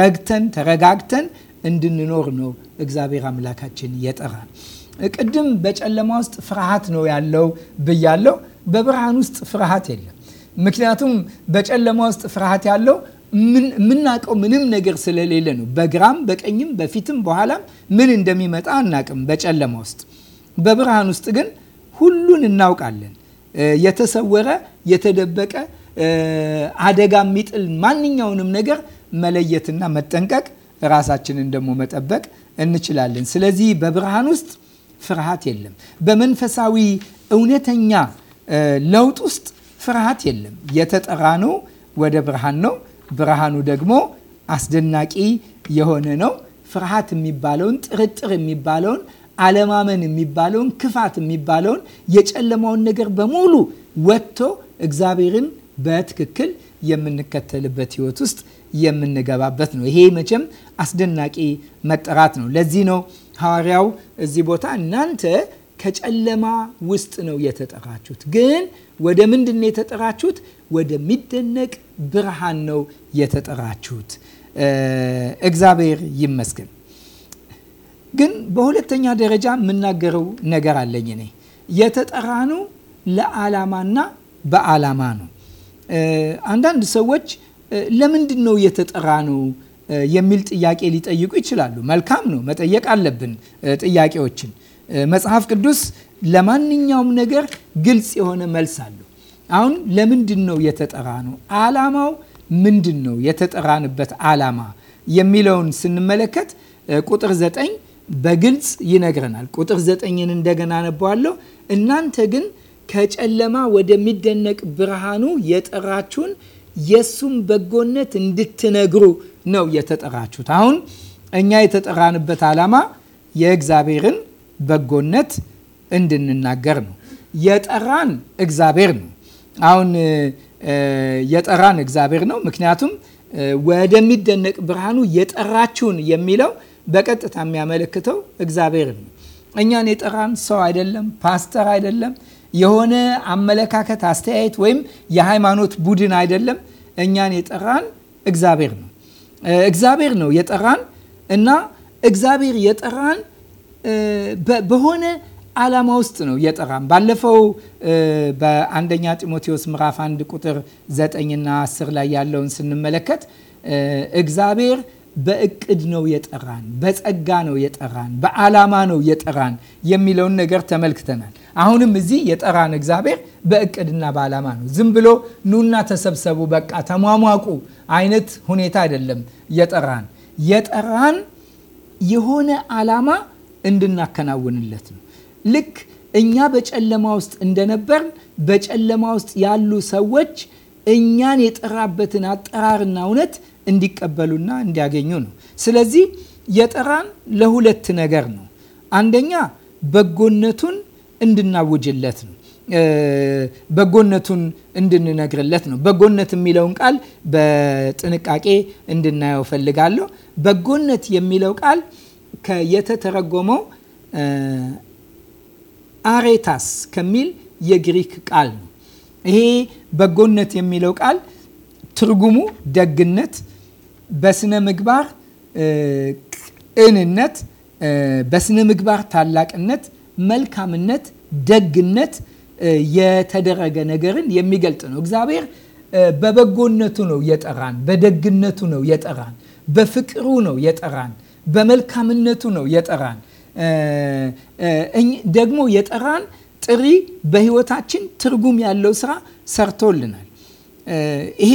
ረግተን ተረጋግተን እንድንኖር ነው እግዚአብሔር አምላካችን የጠራን። ቅድም በጨለማ ውስጥ ፍርሃት ነው ያለው ብያለው። በብርሃን ውስጥ ፍርሃት የለም። ምክንያቱም በጨለማ ውስጥ ፍርሃት ያለው የምናውቀው ምንም ነገር ስለሌለ ነው። በግራም በቀኝም በፊትም በኋላም ምን እንደሚመጣ አናቅም በጨለማ ውስጥ። በብርሃን ውስጥ ግን ሁሉን እናውቃለን። የተሰወረ የተደበቀ አደጋ የሚጥል ማንኛውንም ነገር መለየትና መጠንቀቅ፣ ራሳችንን ደግሞ መጠበቅ እንችላለን። ስለዚህ በብርሃን ውስጥ ፍርሃት የለም። በመንፈሳዊ እውነተኛ ለውጥ ውስጥ ፍርሃት የለም። የተጠራ ነው ወደ ብርሃን ነው። ብርሃኑ ደግሞ አስደናቂ የሆነ ነው። ፍርሃት የሚባለውን ጥርጥር የሚባለውን አለማመን የሚባለውን ክፋት የሚባለውን የጨለማውን ነገር በሙሉ ወጥቶ እግዚአብሔርን በትክክል የምንከተልበት ህይወት ውስጥ የምንገባበት ነው። ይሄ መቼም አስደናቂ መጠራት ነው። ለዚህ ነው ሐዋርያው እዚህ ቦታ እናንተ ከጨለማ ውስጥ ነው የተጠራችሁት፣ ግን ወደ ምንድን ነው የተጠራችሁት? ወደሚደነቅ ብርሃን ነው የተጠራችሁት። እግዚአብሔር ይመስገን። ግን በሁለተኛ ደረጃ የምናገረው ነገር አለኝ እኔ የተጠራኑ ለዓላማና በዓላማ ነው። አንዳንድ ሰዎች ለምንድን ነው የተጠራ ነው የሚል ጥያቄ ሊጠይቁ ይችላሉ። መልካም ነው፣ መጠየቅ አለብን ጥያቄዎችን። መጽሐፍ ቅዱስ ለማንኛውም ነገር ግልጽ የሆነ መልስ አለው። አሁን ለምንድን ነው የተጠራ ነው፣ አላማው ምንድን ነው፣ የተጠራንበት አላማ የሚለውን ስንመለከት ቁጥር ዘጠኝ በግልጽ ይነግረናል። ቁጥር ዘጠኝን እንደገና አነበዋለሁ። እናንተ ግን ከጨለማ ወደሚደነቅ ብርሃኑ የጠራችሁን የእሱም በጎነት እንድትነግሩ ነው የተጠራችሁት። አሁን እኛ የተጠራንበት ዓላማ የእግዚአብሔርን በጎነት እንድንናገር ነው። የጠራን እግዚአብሔር ነው። አሁን የጠራን እግዚአብሔር ነው። ምክንያቱም ወደሚደነቅ ብርሃኑ የጠራችሁን የሚለው በቀጥታ የሚያመለክተው እግዚአብሔር ነው። እኛን የጠራን ሰው አይደለም፣ ፓስተር አይደለም የሆነ አመለካከት፣ አስተያየት ወይም የሃይማኖት ቡድን አይደለም። እኛን የጠራን እግዚአብሔር ነው። እግዚአብሔር ነው የጠራን እና እግዚአብሔር የጠራን በሆነ ዓላማ ውስጥ ነው የጠራን። ባለፈው በአንደኛ ጢሞቴዎስ ምዕራፍ 1 ቁጥር 9ና 10 ላይ ያለውን ስንመለከት እግዚአብሔር በእቅድ ነው የጠራን፣ በጸጋ ነው የጠራን፣ በዓላማ ነው የጠራን የሚለውን ነገር ተመልክተናል። አሁንም እዚህ የጠራን እግዚአብሔር በእቅድና በዓላማ ነው። ዝም ብሎ ኑና ተሰብሰቡ፣ በቃ ተሟሟቁ አይነት ሁኔታ አይደለም። የጠራን የጠራን የሆነ ዓላማ እንድናከናውንለት ነው። ልክ እኛ በጨለማ ውስጥ እንደነበርን በጨለማ ውስጥ ያሉ ሰዎች እኛን የጠራበትን አጠራርና እውነት እንዲቀበሉና እንዲያገኙ ነው። ስለዚህ የጠራን ለሁለት ነገር ነው። አንደኛ በጎነቱን እንድናውጅለት ነው። በጎነቱን እንድንነግርለት ነው። በጎነት የሚለውን ቃል በጥንቃቄ እንድናየው ፈልጋለሁ። በጎነት የሚለው ቃል የተተረጎመው አሬታስ ከሚል የግሪክ ቃል ነው። ይሄ በጎነት የሚለው ቃል ትርጉሙ ደግነት፣ በስነ ምግባር ቅንነት፣ በስነ ምግባር ታላቅነት መልካምነት፣ ደግነት የተደረገ ነገርን የሚገልጥ ነው። እግዚአብሔር በበጎነቱ ነው የጠራን፣ በደግነቱ ነው የጠራን፣ በፍቅሩ ነው የጠራን፣ በመልካምነቱ ነው የጠራን። ደግሞ የጠራን ጥሪ በህይወታችን ትርጉም ያለው ስራ ሰርቶልናል። ይሄ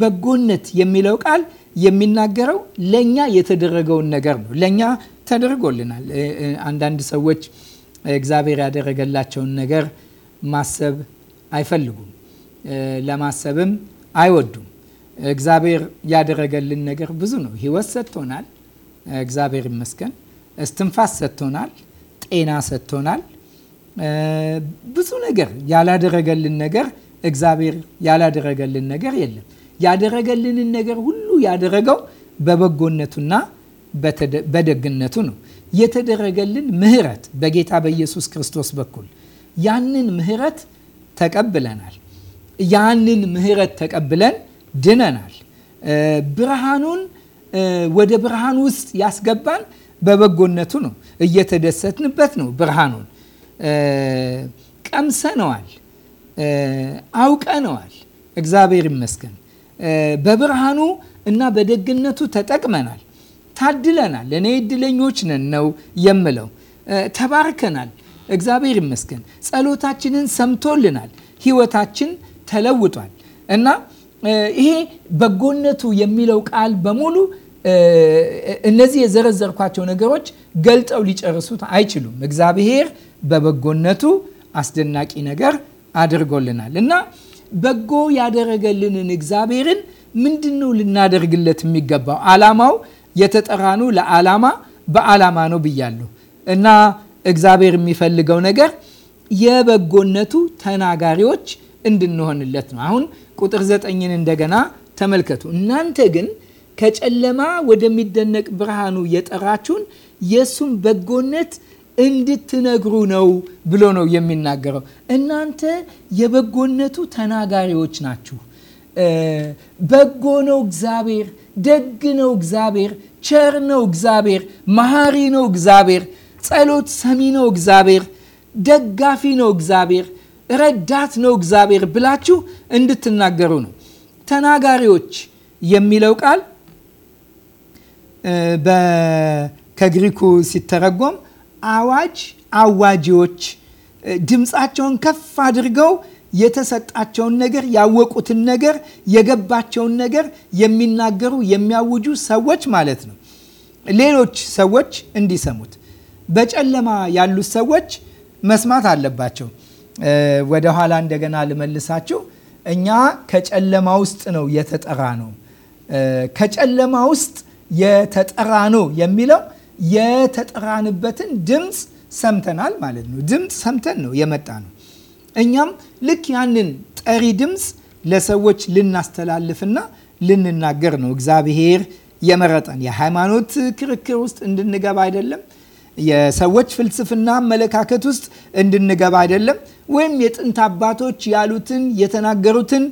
በጎነት የሚለው ቃል የሚናገረው ለእኛ የተደረገውን ነገር ነው። ለእኛ ተደርጎልናል። አንዳንድ ሰዎች እግዚአብሔር ያደረገላቸውን ነገር ማሰብ አይፈልጉም፣ ለማሰብም አይወዱም። እግዚአብሔር ያደረገልን ነገር ብዙ ነው። ሕይወት ሰጥቶናል፣ እግዚአብሔር ይመስገን። እስትንፋስ ሰጥቶናል፣ ጤና ሰጥቶናል። ብዙ ነገር ያላደረገልን ነገር እግዚአብሔር ያላደረገልን ነገር የለም። ያደረገልንን ነገር ሁሉ ያደረገው በበጎነቱና በደግነቱ ነው። የተደረገልን ምህረት በጌታ በኢየሱስ ክርስቶስ በኩል ያንን ምህረት ተቀብለናል። ያንን ምህረት ተቀብለን ድነናል። ብርሃኑን ወደ ብርሃን ውስጥ ያስገባን በበጎነቱ ነው። እየተደሰትንበት ነው። ብርሃኑን ቀምሰነዋል፣ አውቀነዋል። እግዚአብሔር ይመስገን። በብርሃኑ እና በደግነቱ ተጠቅመናል። ታድለናል። እኔ እድለኞች ነን ነው የምለው። ተባርከናል። እግዚአብሔር ይመስገን። ጸሎታችንን ሰምቶልናል። ህይወታችን ተለውጧል እና ይሄ በጎነቱ የሚለው ቃል በሙሉ እነዚህ የዘረዘርኳቸው ነገሮች ገልጠው ሊጨርሱት አይችሉም። እግዚአብሔር በበጎነቱ አስደናቂ ነገር አድርጎልናል እና በጎ ያደረገልንን እግዚአብሔርን ምንድን ነው ልናደርግለት የሚገባው? አላማው የተጠራኑ ለዓላማ በዓላማ ነው ብያለሁ እና እግዚአብሔር የሚፈልገው ነገር የበጎነቱ ተናጋሪዎች እንድንሆንለት ነው። አሁን ቁጥር ዘጠኝን እንደገና ተመልከቱ። እናንተ ግን ከጨለማ ወደሚደነቅ ብርሃኑ የጠራችሁን የእሱን በጎነት እንድትነግሩ ነው ብሎ ነው የሚናገረው። እናንተ የበጎነቱ ተናጋሪዎች ናችሁ። በጎ ነው እግዚአብሔር ደግ ነው እግዚአብሔር፣ ቸር ነው እግዚአብሔር፣ መሐሪ ነው እግዚአብሔር፣ ጸሎት ሰሚ ነው እግዚአብሔር፣ ደጋፊ ነው እግዚአብሔር፣ ረዳት ነው እግዚአብሔር ብላችሁ እንድትናገሩ ነው። ተናጋሪዎች የሚለው ቃል ከግሪኩ ሲተረጎም አዋጅ አዋጂዎች ድምፃቸውን ከፍ አድርገው የተሰጣቸውን ነገር ያወቁትን ነገር የገባቸውን ነገር የሚናገሩ የሚያውጁ ሰዎች ማለት ነው። ሌሎች ሰዎች እንዲሰሙት በጨለማ ያሉት ሰዎች መስማት አለባቸው። ወደኋላ እንደገና ልመልሳችሁ። እኛ ከጨለማ ውስጥ ነው የተጠራ ነው። ከጨለማ ውስጥ የተጠራ ነው የሚለው የተጠራንበትን ድምፅ ሰምተናል ማለት ነው። ድምፅ ሰምተን ነው የመጣ ነው። እኛም ልክ ያንን ጠሪ ድምፅ ለሰዎች ልናስተላልፍና ልንናገር ነው። እግዚአብሔር የመረጠን የሃይማኖት ክርክር ውስጥ እንድንገባ አይደለም። የሰዎች ፍልስፍና አመለካከት ውስጥ እንድንገባ አይደለም። ወይም የጥንት አባቶች ያሉትን የተናገሩትን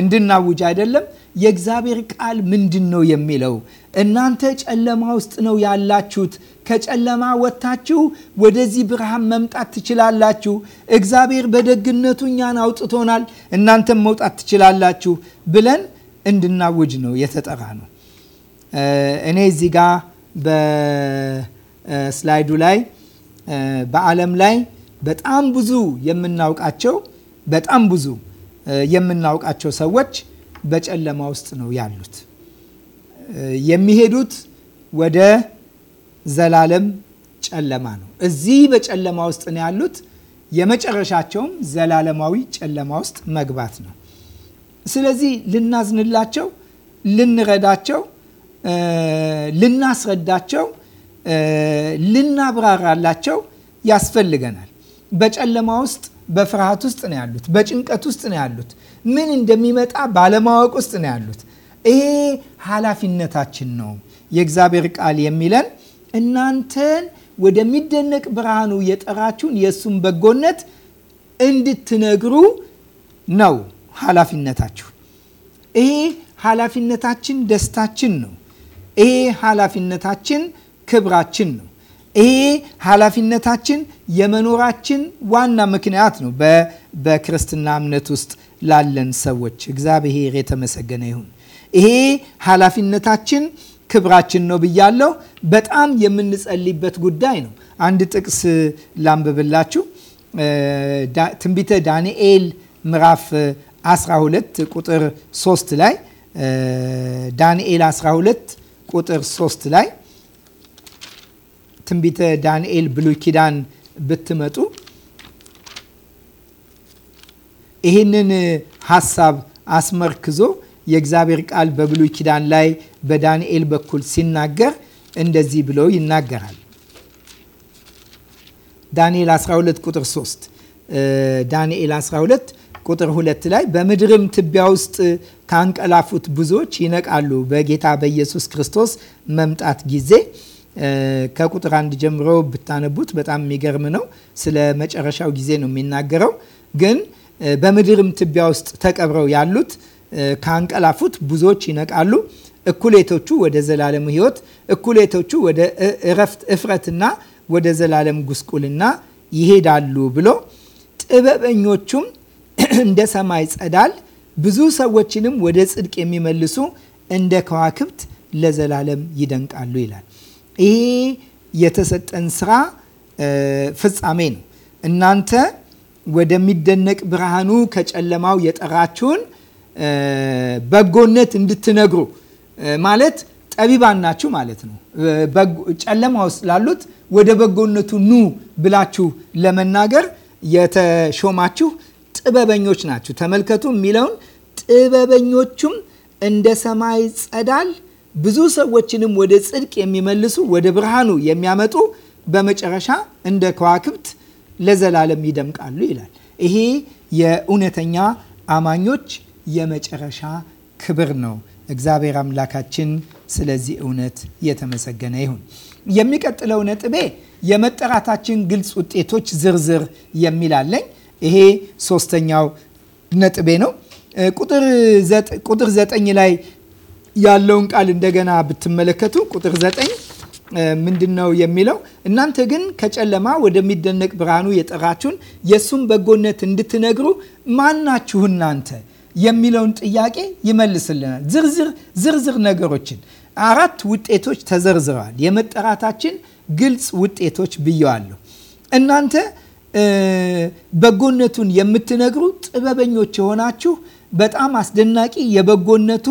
እንድናውጅ አይደለም። የእግዚአብሔር ቃል ምንድን ነው የሚለው እናንተ ጨለማ ውስጥ ነው ያላችሁት፣ ከጨለማ ወጥታችሁ ወደዚህ ብርሃን መምጣት ትችላላችሁ። እግዚአብሔር በደግነቱ እኛን አውጥቶናል፣ እናንተም መውጣት ትችላላችሁ ብለን እንድናውጅ ነው የተጠራ ነው። እኔ እዚህ ጋ በስላይዱ ላይ በዓለም ላይ በጣም ብዙ የምናውቃቸው በጣም ብዙ የምናውቃቸው ሰዎች በጨለማ ውስጥ ነው ያሉት የሚሄዱት ወደ ዘላለም ጨለማ ነው። እዚህ በጨለማ ውስጥ ነው ያሉት። የመጨረሻቸውም ዘላለማዊ ጨለማ ውስጥ መግባት ነው። ስለዚህ ልናዝንላቸው፣ ልንረዳቸው፣ ልናስረዳቸው፣ ልናብራራላቸው ያስፈልገናል። በጨለማ ውስጥ በፍርሃት ውስጥ ነው ያሉት። በጭንቀት ውስጥ ነው ያሉት። ምን እንደሚመጣ ባለማወቅ ውስጥ ነው ያሉት። ይሄ ኃላፊነታችን ነው። የእግዚአብሔር ቃል የሚለን እናንተን ወደሚደነቅ ብርሃኑ የጠራችሁን የእሱን በጎነት እንድትነግሩ ነው ኃላፊነታችሁ። ይሄ ኃላፊነታችን ደስታችን ነው። ይሄ ኃላፊነታችን ክብራችን ነው። ይሄ ኃላፊነታችን የመኖራችን ዋና ምክንያት ነው። በክርስትና እምነት ውስጥ ላለን ሰዎች እግዚአብሔር የተመሰገነ ይሁን። ይሄ ኃላፊነታችን፣ ክብራችን ነው ብያለሁ። በጣም የምንጸልይበት ጉዳይ ነው። አንድ ጥቅስ ላንብብላችሁ። ትንቢተ ዳንኤል ምዕራፍ 12 ቁጥር 3 ላይ ዳንኤል 12 ቁጥር 3 ላይ ትንቢተ ዳንኤል ብሉይ ኪዳን ብትመጡ ይህንን ሀሳብ አስመርክዞ የእግዚአብሔር ቃል በብሉይ ኪዳን ላይ በዳንኤል በኩል ሲናገር እንደዚህ ብሎ ይናገራል። ዳንኤል 12 ቁጥር 3 ዳንኤል 12 ቁጥር 2 ላይ በምድርም ትቢያ ውስጥ ካንቀላፉት ብዙዎች ይነቃሉ በጌታ በኢየሱስ ክርስቶስ መምጣት ጊዜ ከቁጥር አንድ ጀምሮ ብታነቡት በጣም የሚገርም ነው። ስለ መጨረሻው ጊዜ ነው የሚናገረው። ግን በምድርም ትቢያ ውስጥ ተቀብረው ያሉት ካንቀላፉት ብዙዎች ይነቃሉ፣ እኩሌቶቹ ወደ ዘላለም ህይወት እኩሌቶቹ ወደ እረፍት እፍረትና ወደ ዘላለም ጉስቁልና ይሄዳሉ ብሎ ጥበበኞቹም እንደ ሰማይ ጸዳል ብዙ ሰዎችንም ወደ ጽድቅ የሚመልሱ እንደ ከዋክብት ለዘላለም ይደንቃሉ ይላል። ይሄ የተሰጠን ስራ ፍጻሜ ነው። እናንተ ወደሚደነቅ ብርሃኑ ከጨለማው የጠራችሁን በጎነት እንድትነግሩ ማለት ጠቢባን ናችሁ ማለት ነው። ጨለማ ውስጥ ላሉት ወደ በጎነቱ ኑ ብላችሁ ለመናገር የተሾማችሁ ጥበበኞች ናችሁ። ተመልከቱ የሚለውን ጥበበኞቹም እንደ ሰማይ ጸዳል ብዙ ሰዎችንም ወደ ጽድቅ የሚመልሱ ወደ ብርሃኑ የሚያመጡ በመጨረሻ እንደ ከዋክብት ለዘላለም ይደምቃሉ ይላል። ይሄ የእውነተኛ አማኞች የመጨረሻ ክብር ነው። እግዚአብሔር አምላካችን ስለዚህ እውነት የተመሰገነ ይሁን። የሚቀጥለው ነጥቤ የመጠራታችን ግልጽ ውጤቶች ዝርዝር የሚላለኝ ይሄ ሶስተኛው ነጥቤ ነው። ቁጥር ዘጠኝ ላይ ያለውን ቃል እንደገና ብትመለከቱ ቁጥር ዘጠኝ ምንድን ነው የሚለው? እናንተ ግን ከጨለማ ወደሚደነቅ ብርሃኑ የጠራችሁን የእሱም በጎነት እንድትነግሩ ማናችሁ እናንተ የሚለውን ጥያቄ ይመልስልናል። ዝርዝር ዝርዝር ነገሮችን አራት ውጤቶች ተዘርዝረዋል። የመጠራታችን ግልጽ ውጤቶች ብየዋለሁ። እናንተ በጎነቱን የምትነግሩ ጥበበኞች የሆናችሁ በጣም አስደናቂ የበጎነቱ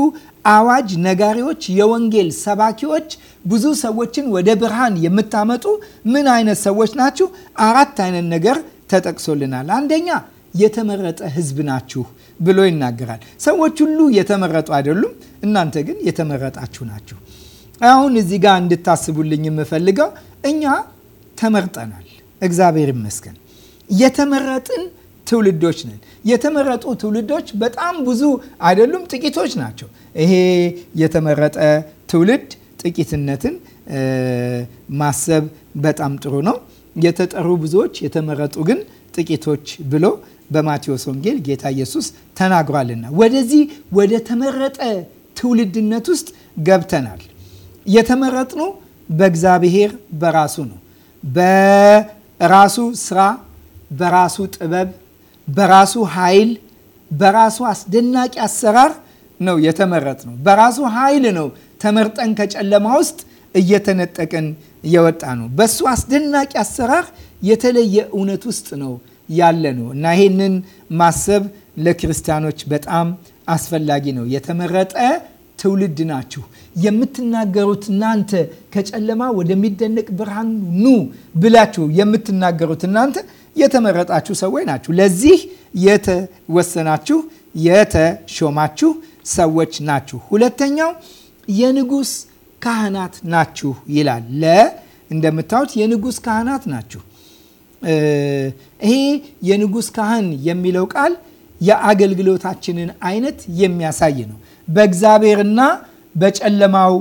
አዋጅ ነጋሪዎች፣ የወንጌል ሰባኪዎች፣ ብዙ ሰዎችን ወደ ብርሃን የምታመጡ ምን አይነት ሰዎች ናችሁ? አራት አይነት ነገር ተጠቅሶልናል። አንደኛ የተመረጠ ህዝብ ናችሁ ብሎ ይናገራል። ሰዎች ሁሉ የተመረጡ አይደሉም፣ እናንተ ግን የተመረጣችሁ ናችሁ። አሁን እዚህ ጋር እንድታስቡልኝ የምፈልገው እኛ ተመርጠናል፣ እግዚአብሔር ይመስገን። የተመረጥን ትውልዶች ነን። የተመረጡ ትውልዶች በጣም ብዙ አይደሉም፣ ጥቂቶች ናቸው። ይሄ የተመረጠ ትውልድ ጥቂትነትን ማሰብ በጣም ጥሩ ነው። የተጠሩ ብዙዎች የተመረጡ ግን ጥቂቶች ብሎ በማቴዎስ ወንጌል ጌታ ኢየሱስ ተናግሯልና ወደዚህ ወደ ተመረጠ ትውልድነት ውስጥ ገብተናል። የተመረጥነው በእግዚአብሔር በራሱ ነው። በራሱ ስራ፣ በራሱ ጥበብ፣ በራሱ ኃይል፣ በራሱ አስደናቂ አሰራር ነው የተመረጥነው። በራሱ ኃይል ነው ተመርጠን ከጨለማ ውስጥ እየተነጠቅን የወጣ ነው። በሱ አስደናቂ አሰራር የተለየ እውነት ውስጥ ነው ያለ ነው እና ይህንን ማሰብ ለክርስቲያኖች በጣም አስፈላጊ ነው። የተመረጠ ትውልድ ናችሁ። የምትናገሩት እናንተ ከጨለማ ወደሚደነቅ ብርሃን ኑ ብላችሁ የምትናገሩት እናንተ የተመረጣችሁ ሰዎች ናችሁ። ለዚህ የተወሰናችሁ የተሾማችሁ ሰዎች ናችሁ። ሁለተኛው የንጉስ ካህናት ናችሁ ይላል። ለ እንደምታዩት የንጉስ ካህናት ናችሁ። ይሄ የንጉስ ካህን የሚለው ቃል የአገልግሎታችንን አይነት የሚያሳይ ነው። በእግዚአብሔርና በጨለማው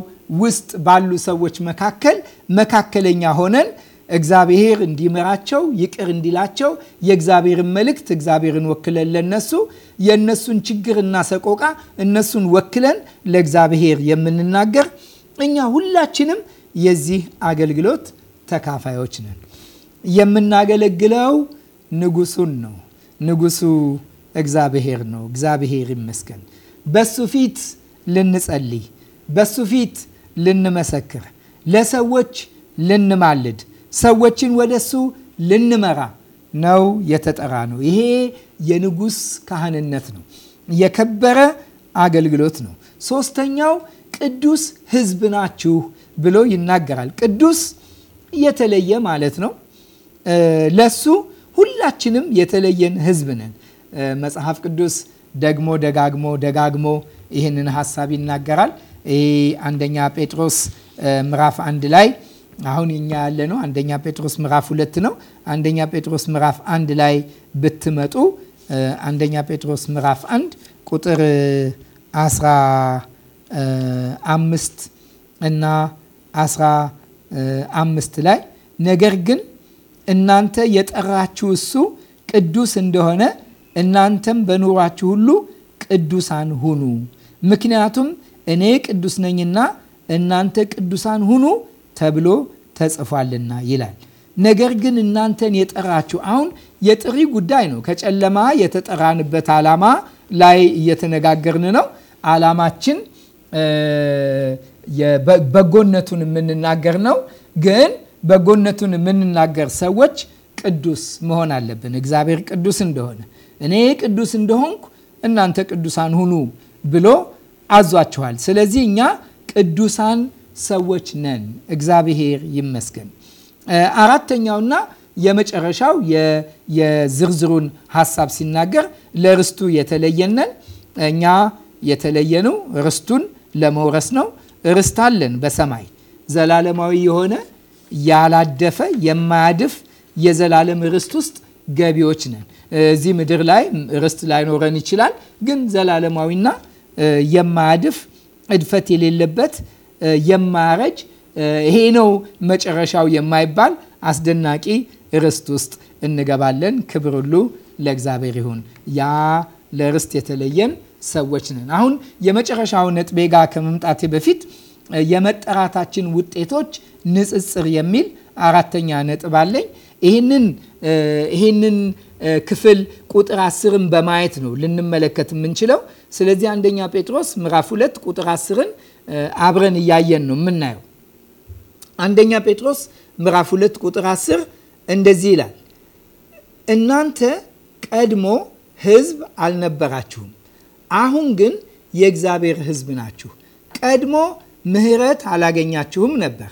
ውስጥ ባሉ ሰዎች መካከል መካከለኛ ሆነን እግዚአብሔር እንዲመራቸው ይቅር እንዲላቸው የእግዚአብሔርን መልእክት እግዚአብሔርን ወክለን ለነሱ የእነሱን ችግርና ሰቆቃ እነሱን ወክለን ለእግዚአብሔር የምንናገር እኛ ሁላችንም የዚህ አገልግሎት ተካፋዮች ነን። የምናገለግለው ንጉሱን ነው። ንጉሱ እግዚአብሔር ነው። እግዚአብሔር ይመስገን። በሱ ፊት ልንጸልይ፣ በሱ ፊት ልንመሰክር፣ ለሰዎች ልንማልድ፣ ሰዎችን ወደሱ ልንመራ ነው የተጠራ ነው። ይሄ የንጉስ ካህንነት ነው። የከበረ አገልግሎት ነው። ሶስተኛው ቅዱስ ህዝብ ናችሁ ብሎ ይናገራል። ቅዱስ የተለየ ማለት ነው። ለሱ ሁላችንም የተለየን ህዝብ ነን። መጽሐፍ ቅዱስ ደግሞ ደጋግሞ ደጋግሞ ይህንን ሀሳብ ይናገራል። አንደኛ ጴጥሮስ ምዕራፍ አንድ ላይ አሁን እኛ ያለ ነው። አንደኛ ጴጥሮስ ምዕራፍ ሁለት ነው። አንደኛ ጴጥሮስ ምዕራፍ አንድ ላይ ብትመጡ አንደኛ ጴጥሮስ ምዕራፍ አንድ ቁጥር አስራ አምስት እና አስራ አምስት ላይ ነገር ግን እናንተ የጠራችሁ እሱ ቅዱስ እንደሆነ እናንተም በኑሯችሁ ሁሉ ቅዱሳን ሁኑ። ምክንያቱም እኔ ቅዱስ ነኝና እናንተ ቅዱሳን ሁኑ ተብሎ ተጽፏልና ይላል። ነገር ግን እናንተን የጠራችሁ አሁን የጥሪ ጉዳይ ነው። ከጨለማ የተጠራንበት ዓላማ ላይ እየተነጋገርን ነው። ዓላማችን በጎነቱን የምንናገር ነው ግን በጎነቱን የምንናገር ሰዎች ቅዱስ መሆን አለብን። እግዚአብሔር ቅዱስ እንደሆነ እኔ ቅዱስ እንደሆንኩ እናንተ ቅዱሳን ሁኑ ብሎ አዟችኋል። ስለዚህ እኛ ቅዱሳን ሰዎች ነን። እግዚአብሔር ይመስገን። አራተኛውና የመጨረሻው የዝርዝሩን ሀሳብ ሲናገር ለርስቱ የተለየነን እኛ የተለየነው ርስቱን ለመውረስ ነው። ርስት አለን በሰማይ ዘላለማዊ የሆነ ያላደፈ የማያድፍ የዘላለም ርስት ውስጥ ገቢዎች ነን። እዚህ ምድር ላይ ርስት ላይኖረን ይችላል፣ ግን ዘላለማዊና የማያድፍ እድፈት የሌለበት የማያረጅ ይሄ ነው መጨረሻው የማይባል አስደናቂ ርስት ውስጥ እንገባለን። ክብር ሁሉ ለእግዚአብሔር ይሁን። ያ ለርስት የተለየን ሰዎች ነን። አሁን የመጨረሻው ነጥቤ ጋር ከመምጣቴ በፊት የመጠራታችን ውጤቶች ንጽጽር የሚል አራተኛ ነጥብ አለኝ። ይህንን ይህንን ክፍል ቁጥር አስርን በማየት ነው ልንመለከት የምንችለው። ስለዚህ አንደኛ ጴጥሮስ ምዕራፍ ሁለት ቁጥር አስርን አብረን እያየን ነው የምናየው። አንደኛ ጴጥሮስ ምዕራፍ ሁለት ቁጥር አስር እንደዚህ ይላል እናንተ ቀድሞ ሕዝብ አልነበራችሁም፣ አሁን ግን የእግዚአብሔር ሕዝብ ናችሁ። ቀድሞ ምሕረት አላገኛችሁም ነበር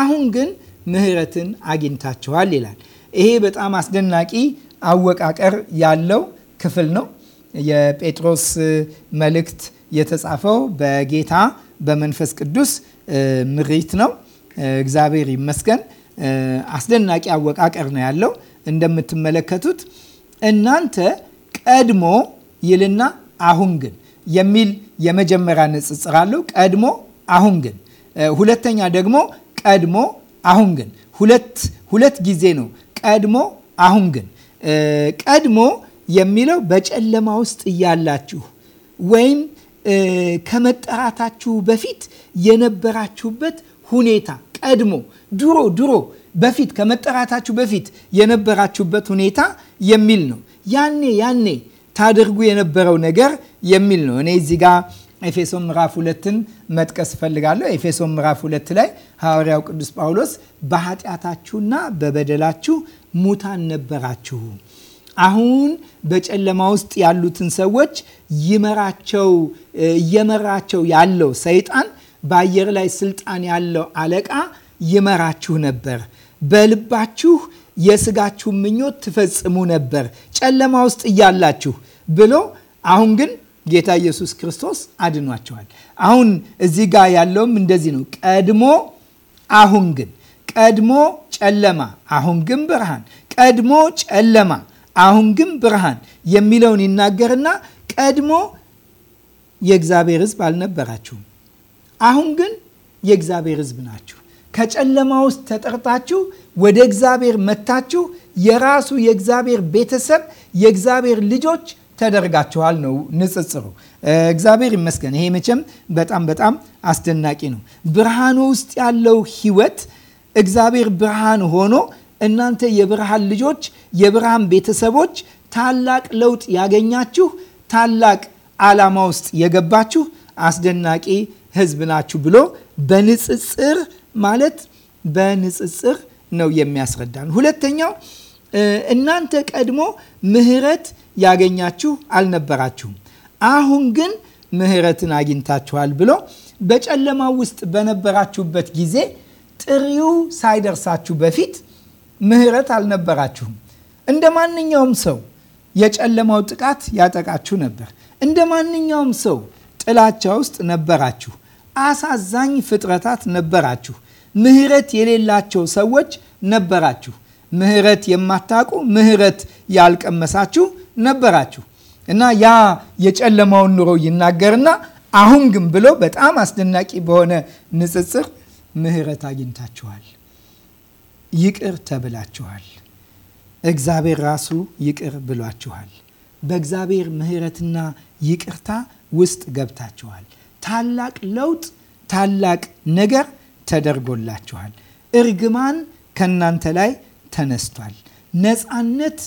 አሁን ግን ምህረትን አግኝታችኋል ይላል። ይሄ በጣም አስደናቂ አወቃቀር ያለው ክፍል ነው። የጴጥሮስ መልእክት የተጻፈው በጌታ በመንፈስ ቅዱስ ምሪት ነው። እግዚአብሔር ይመስገን። አስደናቂ አወቃቀር ነው ያለው እንደምትመለከቱት እናንተ ቀድሞ ይልና አሁን ግን የሚል የመጀመሪያ ንጽጽር አለው። ቀድሞ አሁን ግን፣ ሁለተኛ ደግሞ ቀድሞ አሁን ግን ሁለት ሁለት ጊዜ ነው። ቀድሞ አሁን ግን ቀድሞ የሚለው በጨለማ ውስጥ እያላችሁ ወይም ከመጠራታችሁ በፊት የነበራችሁበት ሁኔታ ቀድሞ ድሮ ድሮ በፊት ከመጠራታችሁ በፊት የነበራችሁበት ሁኔታ የሚል ነው። ያኔ ያኔ ታደርጉ የነበረው ነገር የሚል ነው። እኔ እዚህ ጋ ኤፌሶን ምዕራፍ ሁለትን መጥቀስ እፈልጋለሁ። ኤፌሶን ምዕራፍ ሁለት ላይ ሐዋርያው ቅዱስ ጳውሎስ በኃጢአታችሁና በበደላችሁ ሙታን ነበራችሁ፣ አሁን በጨለማ ውስጥ ያሉትን ሰዎች ይመራቸው እየመራቸው ያለው ሰይጣን በአየር ላይ ስልጣን ያለው አለቃ ይመራችሁ ነበር። በልባችሁ የስጋችሁ ምኞት ትፈጽሙ ነበር ጨለማ ውስጥ እያላችሁ ብሎ አሁን ግን ጌታ ኢየሱስ ክርስቶስ አድኗቸዋል። አሁን እዚህ ጋር ያለውም እንደዚህ ነው። ቀድሞ አሁን ግን ቀድሞ ጨለማ አሁን ግን ብርሃን፣ ቀድሞ ጨለማ አሁን ግን ብርሃን የሚለውን ይናገርና ቀድሞ የእግዚአብሔር ሕዝብ አልነበራችሁም፣ አሁን ግን የእግዚአብሔር ሕዝብ ናችሁ። ከጨለማ ውስጥ ተጠርታችሁ ወደ እግዚአብሔር መታችሁ የራሱ የእግዚአብሔር ቤተሰብ የእግዚአብሔር ልጆች ተደርጋችኋል ነው ንጽጽሩ። እግዚአብሔር ይመስገን። ይሄ መቼም በጣም በጣም አስደናቂ ነው። ብርሃኑ ውስጥ ያለው ህይወት እግዚአብሔር ብርሃን ሆኖ እናንተ የብርሃን ልጆች፣ የብርሃን ቤተሰቦች፣ ታላቅ ለውጥ ያገኛችሁ፣ ታላቅ ዓላማ ውስጥ የገባችሁ አስደናቂ ህዝብ ናችሁ ብሎ በንጽጽር ማለት በንጽጽር ነው የሚያስረዳን። ሁለተኛው እናንተ ቀድሞ ምህረት ያገኛችሁ አልነበራችሁም። አሁን ግን ምሕረትን አግኝታችኋል ብሎ በጨለማ ውስጥ በነበራችሁበት ጊዜ ጥሪው ሳይደርሳችሁ በፊት ምሕረት አልነበራችሁም። እንደ ማንኛውም ሰው የጨለማው ጥቃት ያጠቃችሁ ነበር። እንደ ማንኛውም ሰው ጥላቻ ውስጥ ነበራችሁ። አሳዛኝ ፍጥረታት ነበራችሁ። ምሕረት የሌላቸው ሰዎች ነበራችሁ። ምሕረት የማታውቁ ምሕረት ያልቀመሳችሁ ነበራችሁ። እና ያ የጨለማውን ኑሮ ይናገርና አሁን ግን ብሎ በጣም አስደናቂ በሆነ ንጽጽር ምሕረት አግኝታችኋል፣ ይቅር ተብላችኋል፣ እግዚአብሔር ራሱ ይቅር ብሏችኋል። በእግዚአብሔር ምሕረትና ይቅርታ ውስጥ ገብታችኋል። ታላቅ ለውጥ፣ ታላቅ ነገር ተደርጎላችኋል። እርግማን ከእናንተ ላይ ተነስቷል። ነፃነት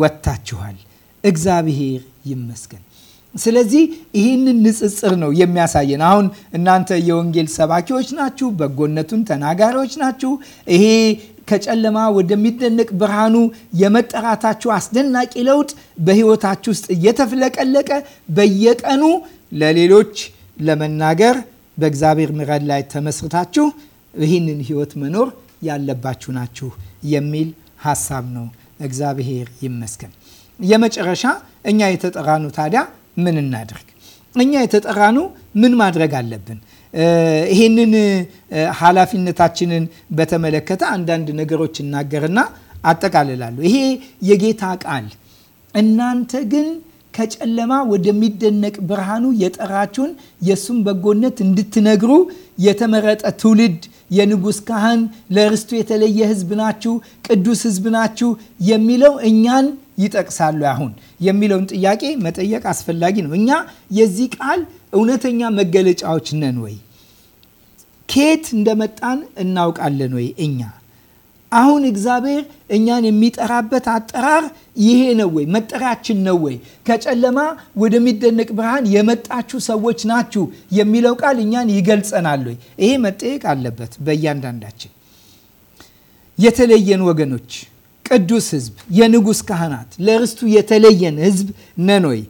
ወጥታችኋል። እግዚአብሔር ይመስገን። ስለዚህ ይህንን ንጽጽር ነው የሚያሳየን። አሁን እናንተ የወንጌል ሰባኪዎች ናችሁ፣ በጎነቱን ተናጋሪዎች ናችሁ። ይሄ ከጨለማ ወደሚደነቅ ብርሃኑ የመጠራታችሁ አስደናቂ ለውጥ በህይወታችሁ ውስጥ እየተፍለቀለቀ በየቀኑ ለሌሎች ለመናገር በእግዚአብሔር ምረድ ላይ ተመስርታችሁ ይህንን ህይወት መኖር ያለባችሁ ናችሁ የሚል ሀሳብ ነው። እግዚአብሔር ይመስገን። የመጨረሻ እኛ የተጠራኑ ታዲያ ምን እናድርግ? እኛ የተጠራኑ ምን ማድረግ አለብን? ይሄንን ኃላፊነታችንን በተመለከተ አንዳንድ ነገሮች እናገርና አጠቃልላሉ። ይሄ የጌታ ቃል እናንተ ግን ከጨለማ ወደሚደነቅ ብርሃኑ የጠራችሁን የእሱን በጎነት እንድትነግሩ የተመረጠ ትውልድ የንጉሥ ካህን፣ ለርስቱ የተለየ ህዝብ ናችሁ፣ ቅዱስ ህዝብ ናችሁ የሚለው እኛን ይጠቅሳሉ። አሁን የሚለውን ጥያቄ መጠየቅ አስፈላጊ ነው። እኛ የዚህ ቃል እውነተኛ መገለጫዎች ነን ወይ? ከየት እንደመጣን እናውቃለን ወይ? እኛ አሁን እግዚአብሔር እኛን የሚጠራበት አጠራር ይሄ ነው ወይ? መጠሪያችን ነው ወይ? ከጨለማ ወደሚደነቅ ብርሃን የመጣችሁ ሰዎች ናችሁ የሚለው ቃል እኛን ይገልጸናል ወይ? ይሄ መጠየቅ አለበት በእያንዳንዳችን። የተለየን ወገኖች፣ ቅዱስ ሕዝብ፣ የንጉስ ካህናት፣ ለርስቱ የተለየን ሕዝብ ነን ወይ?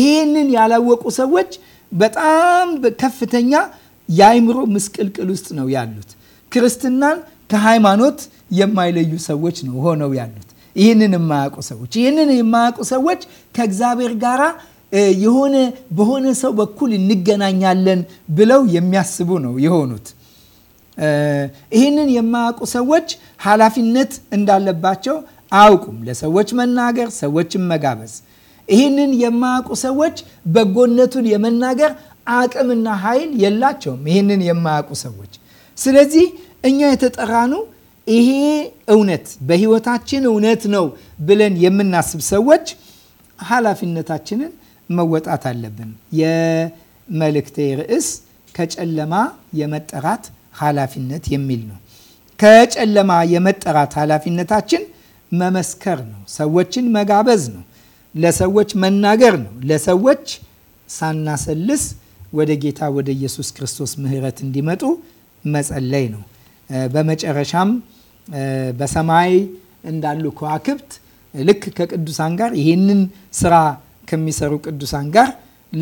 ይሄንን ያላወቁ ሰዎች በጣም ከፍተኛ የአይምሮ ምስቅልቅል ውስጥ ነው ያሉት ክርስትናን ከሃይማኖት የማይለዩ ሰዎች ነው ሆነው ያሉት። ይህንን የማያውቁ ሰዎች ይህንን የማያውቁ ሰዎች ከእግዚአብሔር ጋራ የሆነ በሆነ ሰው በኩል እንገናኛለን ብለው የሚያስቡ ነው የሆኑት። ይህንን የማያውቁ ሰዎች ኃላፊነት እንዳለባቸው አያውቁም። ለሰዎች መናገር፣ ሰዎችን መጋበዝ። ይህንን የማያውቁ ሰዎች በጎነቱን የመናገር አቅምና ኃይል የላቸውም። ይህንን የማያውቁ ሰዎች ስለዚህ እኛ የተጠራነው ይሄ እውነት በህይወታችን እውነት ነው ብለን የምናስብ ሰዎች ኃላፊነታችንን መወጣት አለብን። የመልእክቴ ርዕስ ከጨለማ የመጠራት ኃላፊነት የሚል ነው። ከጨለማ የመጠራት ኃላፊነታችን መመስከር ነው። ሰዎችን መጋበዝ ነው። ለሰዎች መናገር ነው። ለሰዎች ሳናሰልስ ወደ ጌታ ወደ ኢየሱስ ክርስቶስ ምሕረት እንዲመጡ መጸለይ ነው። በመጨረሻም በሰማይ እንዳሉ ከዋክብት ልክ ከቅዱሳን ጋር ይህንን ስራ ከሚሰሩ ቅዱሳን ጋር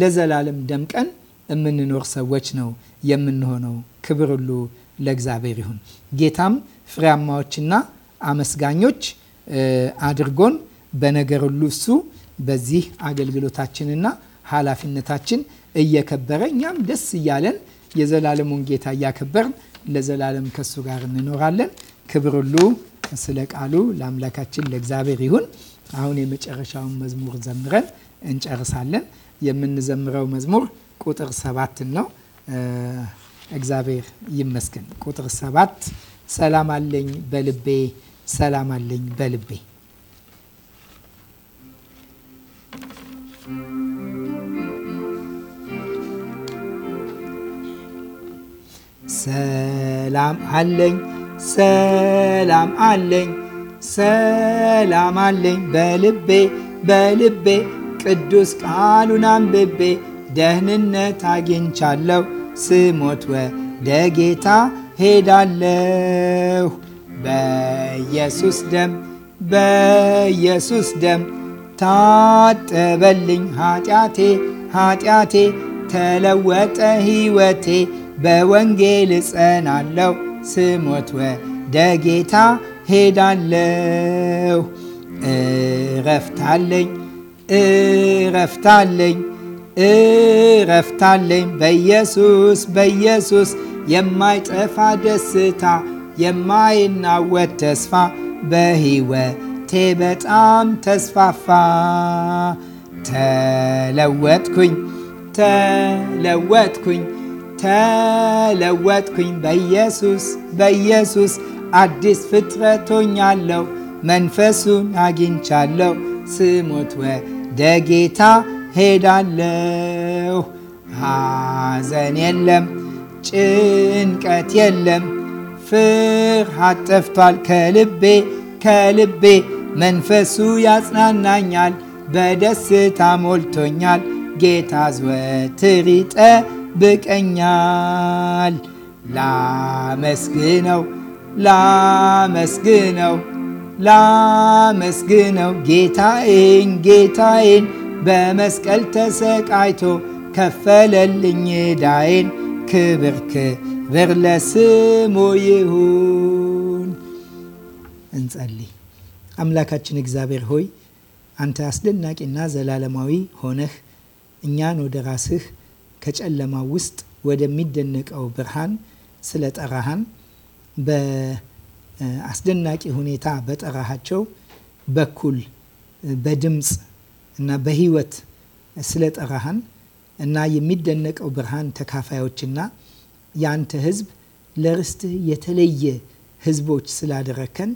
ለዘላለም ደምቀን የምንኖር ሰዎች ነው የምንሆነው። ክብር ሁሉ ለእግዚአብሔር ይሁን። ጌታም ፍሬያማዎችና አመስጋኞች አድርጎን በነገር ሁሉ እሱ በዚህ አገልግሎታችንና ኃላፊነታችን እየከበረ እኛም ደስ እያለን የዘላለሙን ጌታ እያከበርን ለዘላለም ከሱ ጋር እንኖራለን። ክብር ሁሉ ስለ ቃሉ ለአምላካችን ለእግዚአብሔር ይሁን። አሁን የመጨረሻውን መዝሙር ዘምረን እንጨርሳለን። የምንዘምረው መዝሙር ቁጥር ሰባትን ነው። እግዚአብሔር ይመስገን። ቁጥር ሰባት ሰላም አለኝ በልቤ ሰላም አለኝ በልቤ ሰላም አለኝ ሰላም አለኝ ሰላም አለኝ በልቤ በልቤ ቅዱስ ቃሉን አንብቤ ደህንነት አግኝቻለሁ ስሞት ወደ ጌታ ሄዳለሁ በኢየሱስ ደም በኢየሱስ ደም ታጠበልኝ ኃጢአቴ ኃጢአቴ ተለወጠ ሕይወቴ በወንጌል እጸናለሁ ስሞት ወደ ጌታ ሄዳለሁ። እረፍታለኝ እረፍታለኝ እረፍታለኝ በኢየሱስ በኢየሱስ የማይጠፋ ደስታ የማይናወት ተስፋ በሕይወቴ በጣም ተስፋፋ። ተለወጥኩኝ ተለወጥኩኝ ተለወጥኩኝ በኢየሱስ በኢየሱስ አዲስ ፍጥረቶኛለሁ መንፈሱን አግኝቻለሁ ስሞት ወደ ጌታ ሄዳለሁ ሐዘን የለም ጭንቀት የለም ፍርሃት ጠፍቷል ከልቤ ከልቤ መንፈሱ ያጽናናኛል በደስታ ሞልቶኛል ጌታ ዘወትር ብቀኛል። ላመስግነው ላመስግነው ላመስግነው ጌታዬን ጌታዬን በመስቀል ተሰቃይቶ ከፈለልኝ ዳዬን። ክብር ክብር ለስሙ ይሁን። እንጸልይ። አምላካችን እግዚአብሔር ሆይ አንተ አስደናቂና ዘላለማዊ ሆነህ እኛን ወደ ራስህ ከጨለማ ውስጥ ወደሚደነቀው ብርሃን ስለ ጠራሃን በአስደናቂ ሁኔታ በጠራሃቸው በኩል በድምፅ እና በህይወት ስለ ጠራሃን እና የሚደነቀው ብርሃን ተካፋዮችና የአንተ ህዝብ ለርስትህ የተለየ ህዝቦች ስላደረከን